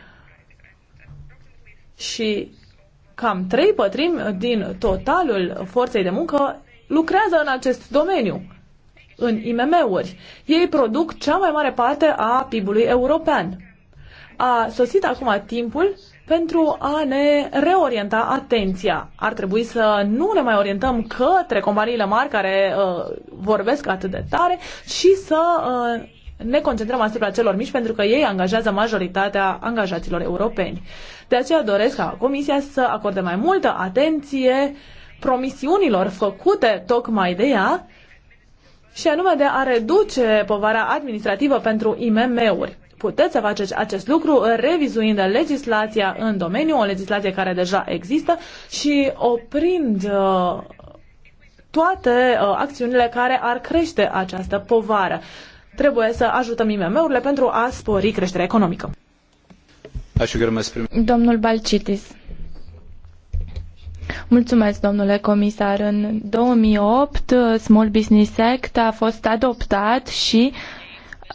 Și cam trei pătrimi din totalul forței de muncă lucrează în acest domeniu, în IMM-uri. Ei produc cea mai mare parte a PIB-ului european a sosit acum timpul pentru a ne reorienta atenția. Ar trebui să nu ne mai orientăm către companiile mari care uh, vorbesc atât de tare și să uh, ne concentrăm asupra celor mici pentru că ei angajează majoritatea angajaților europeni. De aceea doresc ca Comisia să acorde mai multă atenție promisiunilor făcute tocmai de ea și anume de a reduce povara administrativă pentru IMM-uri puteți să faceți acest lucru uh, revizuind legislația în domeniu, o legislație care deja există și oprind uh, toate uh, acțiunile care ar crește această povară. Trebuie să ajutăm IMM-urile pentru a spori creșterea economică. Domnul Balcitis. Mulțumesc, domnule comisar. În 2008, Small Business Act a fost adoptat și uh,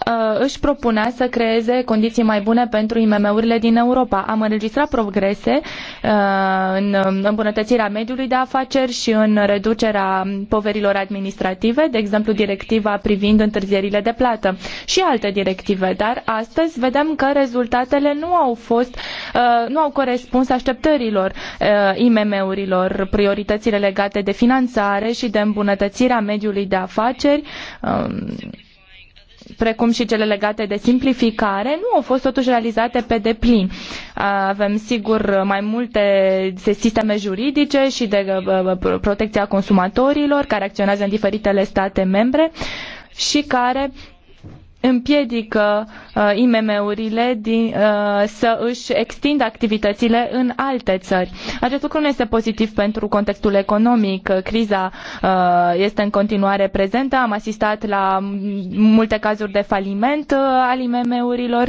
uh, își propunea să creeze condiții mai bune pentru IMM-urile din Europa. Am înregistrat progrese uh, în um, îmbunătățirea mediului de afaceri și în reducerea poverilor administrative, de exemplu directiva privind întârzierile de plată și alte directive, dar astăzi vedem că rezultatele nu au fost, uh, nu au corespuns așteptărilor uh, IMM-urilor, prioritățile legate de finanțare și de îmbunătățirea mediului de afaceri, um, precum și cele legate de simplificare, nu au fost totuși realizate pe deplin. Avem, sigur, mai multe sisteme juridice și de uh, uh, protecția consumatorilor care acționează în diferitele state membre și care împiedică uh, IMM-urile din, uh, să își extindă activitățile în alte țări. Acest lucru nu este pozitiv pentru contextul economic. Criza uh, este în continuare prezentă. Am asistat la multe cazuri de faliment uh, al IMM-urilor.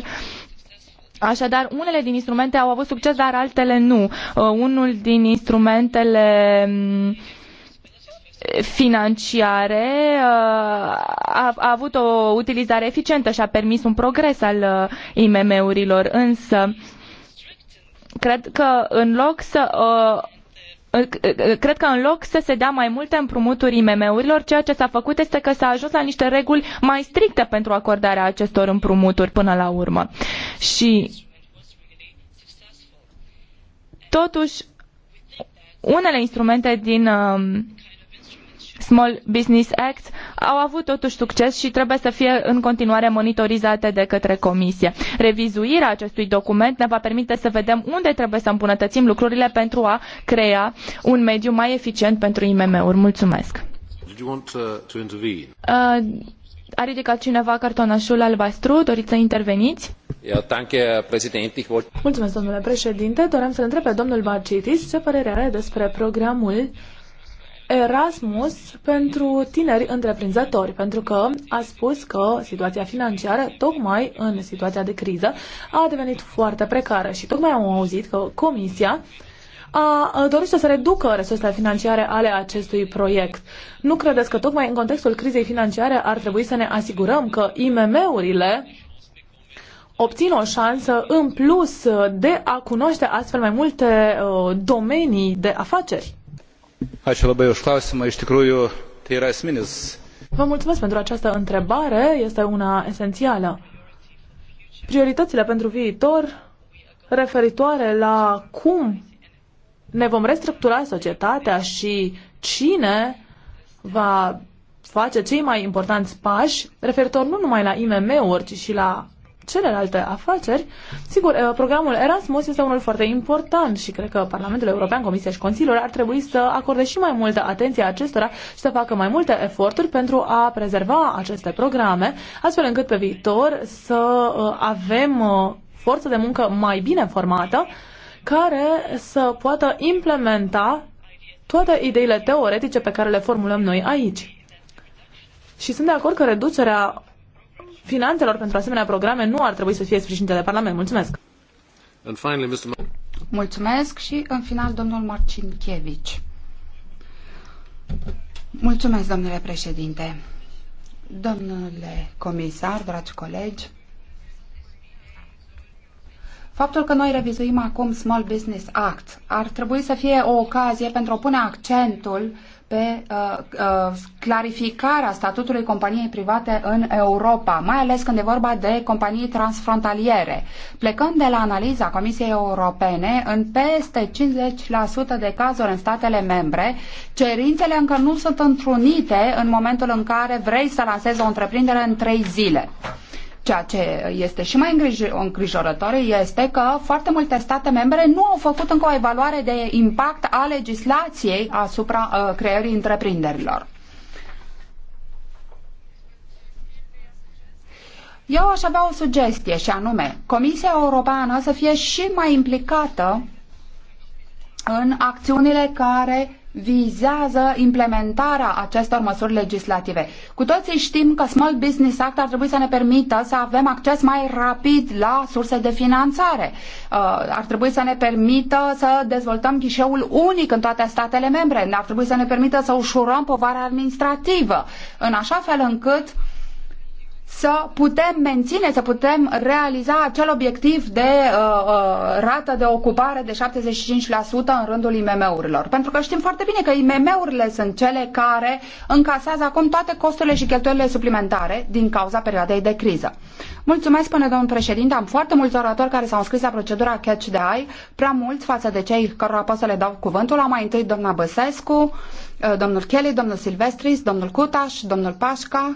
Așadar, unele din instrumente au avut succes, dar altele nu. Uh, unul din instrumentele financiare uh, a, a avut o utilizare eficientă și a permis un progres al uh, IMM-urilor, însă cred că în loc să uh, cred că în loc să se dea mai multe împrumuturi IMM-urilor, ceea ce s-a făcut este că s-a ajuns la niște reguli mai stricte pentru acordarea acestor împrumuturi până la urmă. Și totuși unele instrumente din Small Business Act au avut totuși succes și trebuie să fie în continuare monitorizate de către Comisie. Revizuirea acestui document ne va permite să vedem unde trebuie să îmbunătățim lucrurile pentru a crea un mediu mai eficient pentru IMM-uri. Mulțumesc! Uh, uh, a ridicat cineva cartonașul albastru? Doriți să interveniți? Mulțumesc, domnule președinte. Doream să întreb pe domnul Barcitis ce părere are despre programul Erasmus pentru tineri întreprinzători, pentru că a spus că situația financiară, tocmai în situația de criză, a devenit foarte precară și tocmai am auzit că Comisia a dorit să reducă resursele financiare ale acestui proiect. Nu credeți că tocmai în contextul crizei financiare ar trebui să ne asigurăm că IMM-urile obțin o șansă în plus de a cunoaște astfel mai multe uh, domenii de afaceri? Vă mulțumesc pentru această întrebare. Este una esențială. Prioritățile pentru viitor referitoare la cum ne vom restructura societatea și cine va face cei mai importanți pași referitor nu numai la IMM-uri, ci și la celelalte afaceri, sigur, eh, programul Erasmus este unul foarte important și cred că Parlamentul European, Comisia și Consiliul ar trebui să acorde și mai multă atenție acestora și să facă mai multe eforturi pentru a prezerva aceste programe, astfel încât pe viitor să eh, avem eh, forță de muncă mai bine formată care să poată implementa toate ideile teoretice pe care le formulăm noi aici. Și sunt de acord că reducerea finanțelor pentru asemenea programe nu ar trebui să fie sprijinite de Parlament. Mulțumesc! And finally, Mr. Mulțumesc și în final domnul Marcin Chievici. Mulțumesc, domnule președinte. Domnule comisar, dragi colegi, Faptul că noi revizuim acum Small Business Act ar trebui să fie o ocazie pentru a pune accentul pe uh, uh, clarificarea statutului companiei private în Europa, mai ales când e vorba de companii transfrontaliere. Plecând de la analiza Comisiei Europene, în peste 50% de cazuri în statele membre, cerințele încă nu sunt întrunite în momentul în care vrei să lansezi o întreprindere în trei zile. Ceea ce este și mai îngrijorător este că foarte multe state membre nu au făcut încă o evaluare de impact a legislației asupra uh, creării întreprinderilor. Eu aș avea o sugestie și anume, Comisia Europeană să fie și mai implicată în acțiunile care vizează implementarea acestor măsuri legislative. Cu toții știm că Small Business Act ar trebui să ne permită să avem acces mai rapid la surse de finanțare. Uh, ar trebui să ne permită să dezvoltăm ghișeul unic în toate statele membre. Ar trebui să ne permită să ușurăm povara administrativă, în așa fel încât uh, să putem menține, să putem realiza acel obiectiv de uh, uh, rată de ocupare de 75% în rândul IMM-urilor. Pentru că știm foarte bine că IMM-urile sunt cele care încasează acum toate costurile și cheltuielile suplimentare din cauza perioadei de criză. Mulțumesc, până domnul președinte, am foarte mulți oratori care s-au înscris la procedura Catch the Eye, prea mulți față de cei cărora pot să le dau cuvântul. Am mai întâi doamna Băsescu, uh, domnul Kelly, domnul Silvestris, domnul Cutaș, domnul Pașca,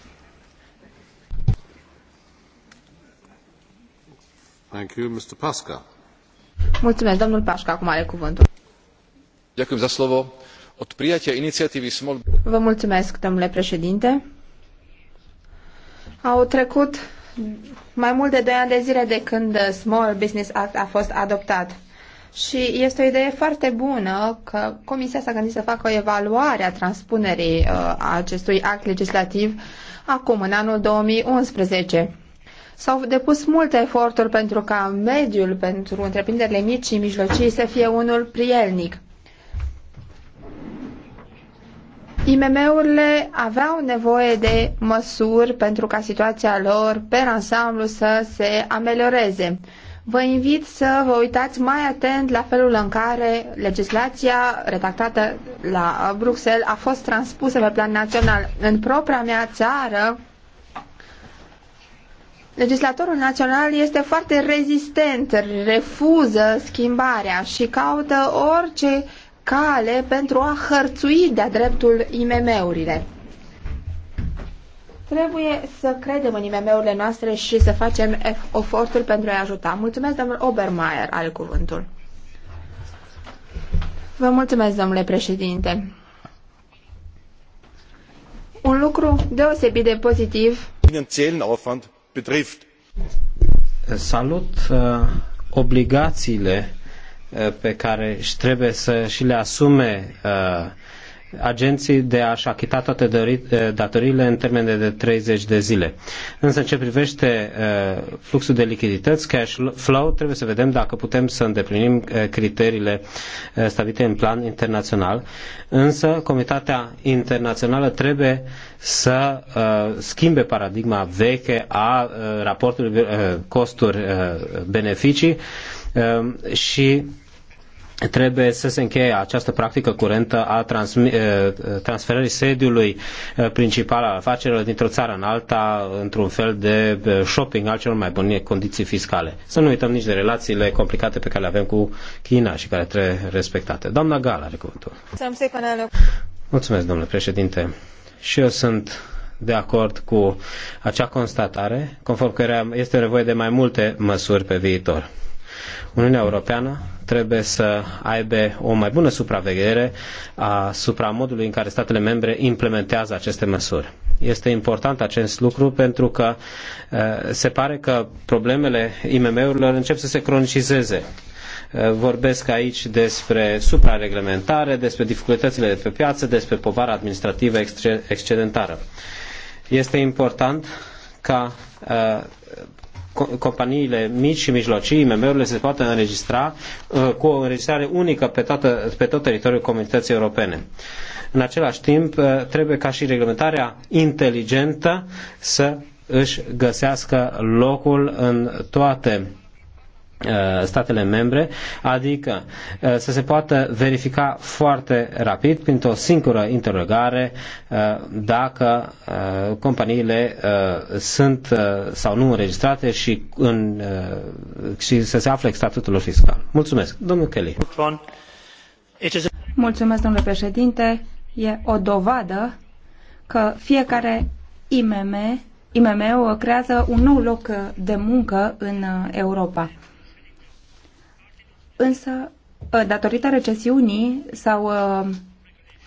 Mulțumesc, acum Od prijatia iniciatívy Small... Vă mulțumesc, domnule președinte. Au trecut mai mult de doi ani de zile de când Small Business Act a fost adoptat. Și este o idee foarte bună că Comisia s-a gândit să facă o evaluare a transpunerii uh, acestui act legislativ acum, în anul 2011. S-au depus multe eforturi pentru ca mediul pentru întreprinderile mici și mijlocii să fie unul prielnic. IMM-urile aveau nevoie de măsuri pentru ca situația lor pe ansamblu să se amelioreze. Vă invit să vă uitați mai atent la felul în care legislația redactată la Bruxelles a fost transpusă pe plan național. În propria mea țară, Legislatorul național este foarte rezistent, refuză schimbarea și caută orice cale pentru a hărțui de-a dreptul IMM-urile. Trebuie să credem în IMM-urile noastre și să facem eforturi pentru a-i ajuta. Mulțumesc, domnul Obermeier, are cuvântul. Vă mulțumesc, domnule președinte. Un lucru deosebit de pozitiv betrifft. Salut uh, obligațiile uh, pe care trebuie să și le asume uh, agenții de a-și achita toate eh, datoriile în termen de 30 de zile. Însă în ce privește eh, fluxul de lichidități, cash flow, trebuie să vedem dacă putem să îndeplinim eh, criteriile stabilite în plan internațional. Însă Comitatea Internațională trebuie să schimbe paradigma veche a raportului costuri-beneficii și trebuie să se încheie această practică curentă a eh, transferării sediului eh, principal al afacerilor dintr-o țară în alta într-un fel de eh, shopping al celor mai bune condiții fiscale. Să nu uităm nici de relațiile complicate pe care le avem cu China și care trebuie respectate. Doamna Gala are cuvântul. Mulțumesc, domnule președinte. Și eu sunt de acord cu acea constatare, conform căreia este nevoie de mai multe măsuri pe viitor. Uniunea Europeană trebuie să aibă o mai bună supraveghere asupra modului în care statele membre implementează aceste măsuri. Este important acest lucru pentru că uh, se pare că problemele IMM-urilor încep să se cronicizeze uh, vorbesc aici despre suprareglementare, despre dificultățile de pe piață, despre povara administrativă excedentară. Este important ca uh, companiile mici și mijlocii, IMM-urile, se poată înregistra uh, cu o înregistrare unică pe, toată, pe tot teritoriul comunității europene. În același timp, uh, trebuie ca și reglementarea inteligentă să își găsească locul în toate Uh, statele membre, adică uh, să se poată verifica foarte rapid, printr-o singură interogare, uh, dacă companiile sunt sau nu înregistrate și, în, și să se afle în statutul fiscal. Mulțumesc. Domnul Kelly. Mulțumesc, domnule președinte. E o dovadă că fiecare IMM, IMM creează un nou loc de muncă în Europa însă, ă, datorită recesiunii, s-au ă,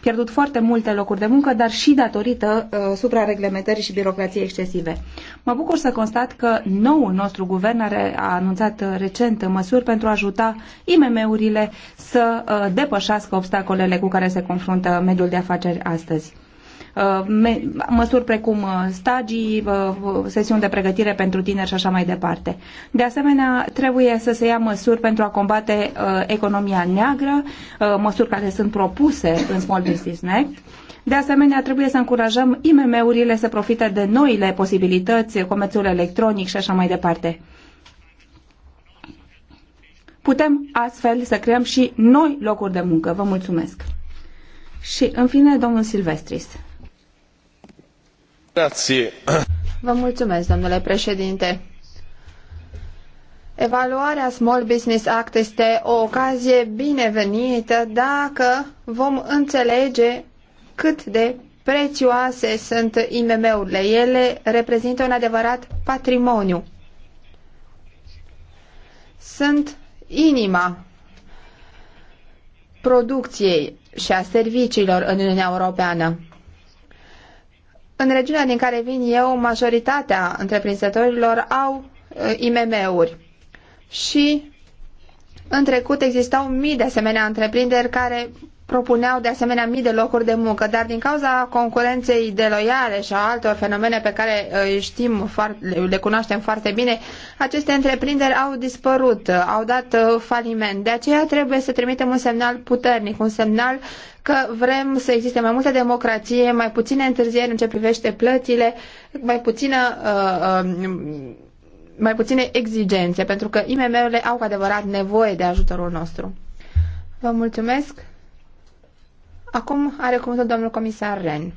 pierdut foarte multe locuri de muncă, dar și datorită ă, suprareglementării și birocrației excesive. Mă bucur să constat că noul nostru guvern are, a anunțat recent măsuri pentru a ajuta IMM-urile să depășească obstacolele cu care se confruntă mediul de afaceri astăzi. Uh, măsuri precum uh, stagii, uh, sesiuni de pregătire pentru tineri și așa mai departe. De asemenea, trebuie să se ia măsuri pentru a combate economia neagră, măsuri care sunt propuse în Small Business Act. De asemenea, trebuie să încurajăm IMM-urile să profite de noile posibilități, comerțul electronic și așa mai departe putem astfel să creăm și noi locuri de muncă. Vă mulțumesc! Și, în fine, domnul Silvestris. Grazie. Vă mulțumesc, domnule președinte. Evaluarea Small Business Act este o ocazie binevenită dacă vom înțelege cât de prețioase sunt IMM-urile. Ele reprezintă un adevărat patrimoniu. Sunt inima producției și a serviciilor în Uniunea Europeană. În regiunea din care vin eu, majoritatea întreprinzătorilor au uh, IMM-uri și în trecut existau mii de asemenea întreprinderi care propuneau de asemenea mii de locuri de muncă, dar din cauza concurenței deloiale și a altor fenomene pe care uh, știm, le cunoaștem foarte bine, aceste întreprinderi au dispărut, uh, au dat uh, faliment. De aceea trebuie să trimitem un semnal puternic, un semnal că vrem să existe mai multă democrație, mai puține întârzieri în ce privește plățile, mai puțină um, mai puține exigențe, pentru că IMM-urile au cu adevărat nevoie de ajutorul nostru. Vă mulțumesc! Acum are cuvântul domnul comisar Ren.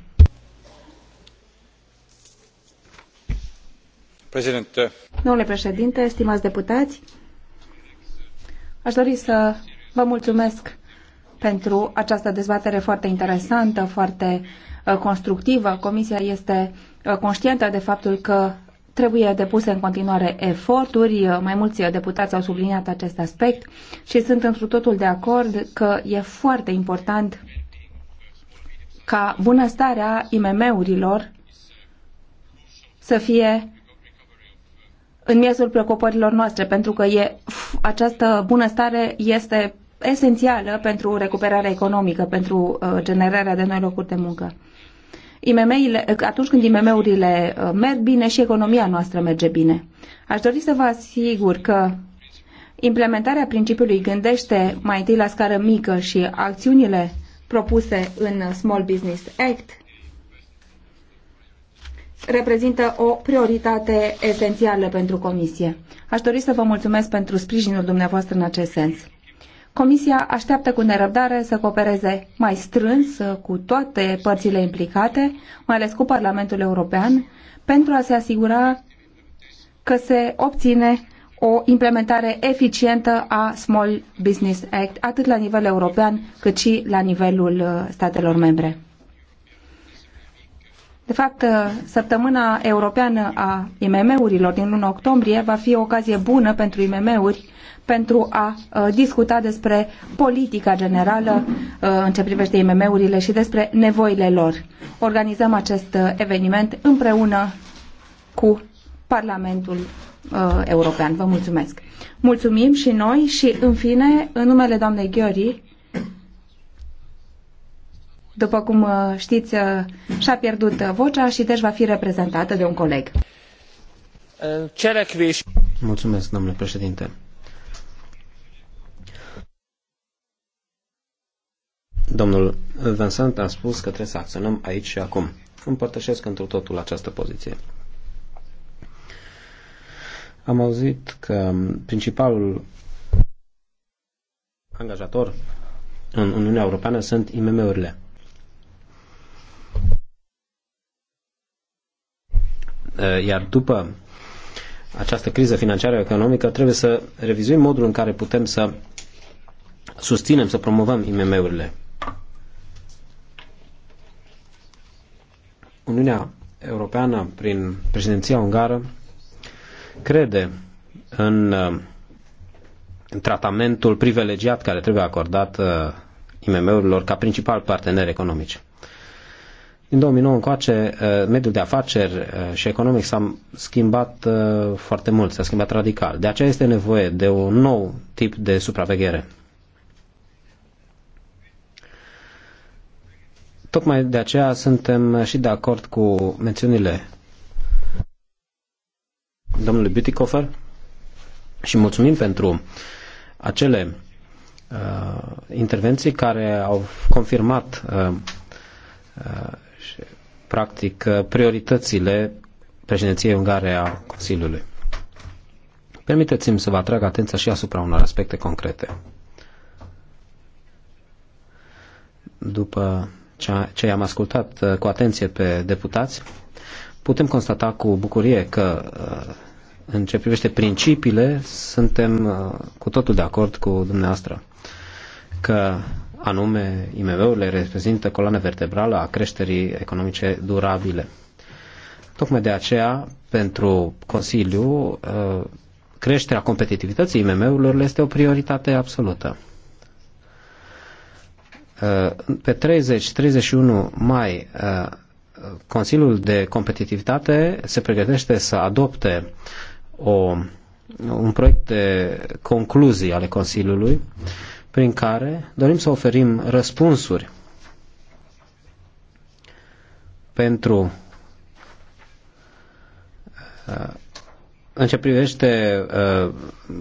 Președinte. Domnule președinte, stimați deputați, aș dori să vă mulțumesc pentru această dezbatere foarte interesantă, foarte uh, constructivă. Comisia este uh, conștientă de faptul că trebuie depuse în continuare eforturi. Uh, mai mulți deputați au subliniat acest aspect și sunt întru totul de acord că e foarte important ca bunăstarea IMM-urilor să fie în miezul preocupărilor noastre, pentru că e, această bunăstare este esențială pentru recuperarea economică, pentru uh, generarea de noi locuri de muncă. IMM-ile, atunci când IMM-urile uh, merg bine și economia noastră merge bine. Aș dori să vă asigur că implementarea principiului gândește mai întâi la scară mică și acțiunile propuse în Small Business Act reprezintă o prioritate esențială pentru Comisie. Aș dori să vă mulțumesc pentru sprijinul dumneavoastră în acest sens. Comisia așteaptă cu nerăbdare să coopereze mai strâns cu toate părțile implicate, mai ales cu Parlamentul European, pentru a se asigura că se obține o implementare eficientă a Small Business Act, atât la nivel european, cât și la nivelul uh, statelor membre. De fapt, uh, săptămâna europeană a IMM-urilor din 1 octombrie va fi o ocazie bună pentru IMM-uri pentru a uh, discuta despre politica generală în ce privește IMM-urile și despre nevoile lor. Organizăm acest eveniment împreună cu Parlamentul uh, european. Vă mulțumesc! Mulțumim și noi și, în fine, în numele doamnei Ghiori, după cum uh, știți, uh, și-a pierdut uh, vocea și deci va fi reprezentată de un coleg. Mulțumesc, domnule președinte. Domnul Vincent a spus că trebuie să acționăm aici și acum. Împărtășesc întru totul această poziție. Am auzit că principalul angajator în Uniunea Europeană sunt IMM-urile. Eh, iar după această criză financiară economică trebuie să revizuim modul în care putem să susținem, să promovăm IMM-urile. Uniunea Europeană, prin președinția ungară, crede uh, în, tratamentul privilegiat care trebuie acordat uh, IMM-urilor ca principal parteneri economici. Din 2009 încoace, uh, mediul de afaceri și economic s-a schimbat foarte mult, s-a schimbat radical. De aceea este nevoie de un nou tip de supraveghere. Tocmai de aceea suntem și de acord cu mențiunile domnului Bütikofer, și mulțumim pentru acele uh, intervenții care au confirmat uh, uh, practic uh, prioritățile președinției ungare a Consiliului. Permiteți-mi să vă atrag atenția și asupra unor aspecte concrete. După ce am ascultat uh, cu atenție pe deputați, putem constata cu bucurie că uh, în ce privește principiile, suntem uh, cu totul de acord cu dumneavoastră că anume IMM-urile reprezintă coloana vertebrală a creșterii economice durabile. Tocmai de aceea, pentru Consiliu, uh, creșterea competitivității IMM-urilor este o prioritate absolută. Uh, pe 30-31 mai, Consiliul de Competitivitate se pregătește să adopte o, un proiect de concluzii ale Consiliului prin care dorim să oferim răspunsuri pentru uh, în ce privește uh,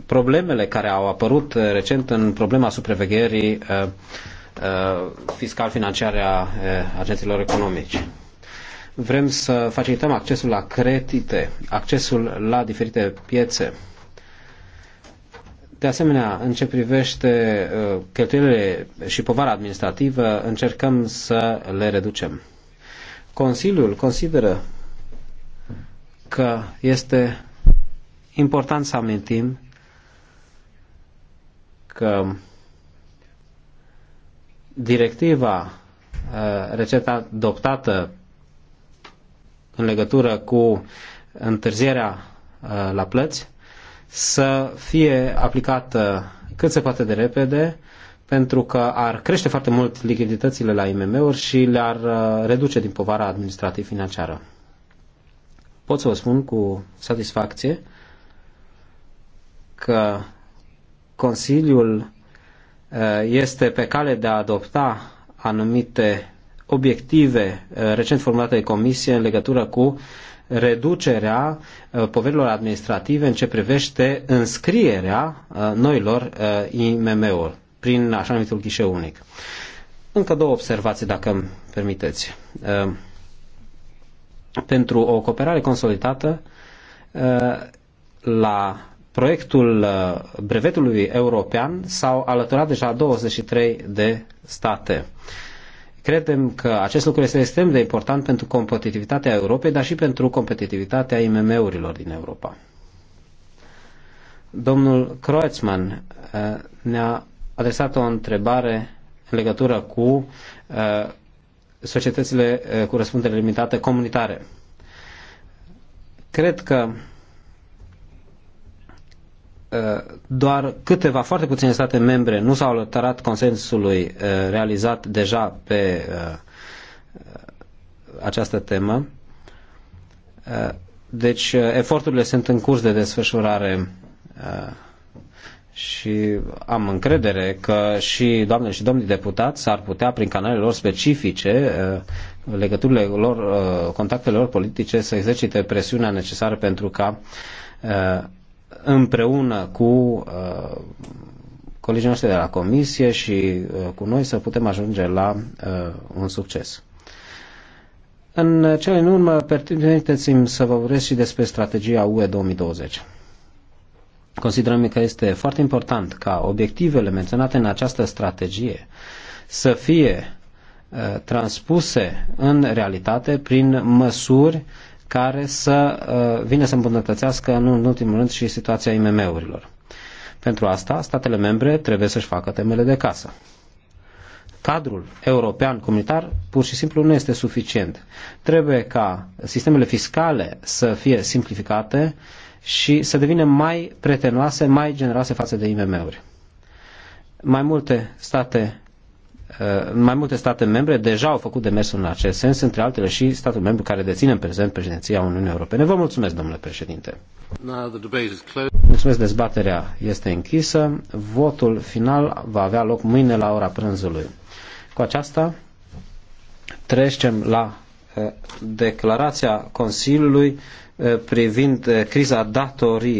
problemele care au apărut recent în problema supravegherii uh, fiscal-financiare a agenților economici. Vrem să facilităm accesul la credite, accesul la diferite piețe. De asemenea, în ce privește uh, cheltuielile și povara administrativă, încercăm să le reducem. Consiliul consideră că este important să amintim că directiva uh, receta adoptată în legătură cu întârzierea uh, la plăți să fie aplicată uh, cât se poate de repede pentru că ar crește foarte mult lichiditățile la IMM-uri și le-ar uh, reduce din povara administrativ-financiară. Pot să vă spun cu satisfacție că Consiliul este pe cale de a adopta anumite obiective eh, recent formulate de comisie în legătură cu reducerea eh, poverilor administrative în ce privește înscrierea eh, noilor IMM-uri prin așa numitul ghișeu unic. Încă două observații, dacă îmi permiteți. Pentru o cooperare consolidată la proiectul brevetului european s-au alăturat deja 23 de state. Credem că acest lucru este extrem de important pentru competitivitatea Europei, dar și pentru competitivitatea IMM-urilor din Europa. Domnul Kreutzmann uh, ne-a adresat o întrebare în legătură cu uh, societățile uh, cu răspundere limitată comunitare. Cred că Uh, doar câteva, foarte puține state membre nu s-au alătărat consensului uh, realizat deja pe uh, această temă. Deci eforturile sunt în curs de desfășurare și am încredere că și doamnele și domnii deputați s-ar putea, prin canalele lor specifice, legăturile lor, contactele lor politice, să exercite presiunea necesară pentru ca împreună cu uh, colegii noștri de la comisie și uh, cu noi să putem ajunge la uh, un succes. În cele din urmă, permiteți-mi să vă vorbesc și despre strategia UE 2020. Considerăm că este foarte important ca obiectivele menționate în această strategie să fie uh, transpuse în realitate prin măsuri uh, care să uh, vină să îmbunătățească nu în ultimul rând și situația IMM-urilor. Pentru asta, statele membre trebuie să-și facă temele de casă. Cadrul european comunitar pur și simplu nu este suficient. Trebuie ca sistemele fiscale să fie simplificate și să devină mai pretenoase, mai generoase față de IMM-uri. Mai multe state Uh, mai multe state membre deja au făcut demersul în acest sens, între altele și statul membru care deține în prezent președinția Uniunii Europene. Vă mulțumesc, domnule președinte. Mulțumesc, dezbaterea este închisă. Votul final va avea loc mâine la ora prânzului. Cu aceasta trecem la uh, declarația Consiliului uh, privind criza datorii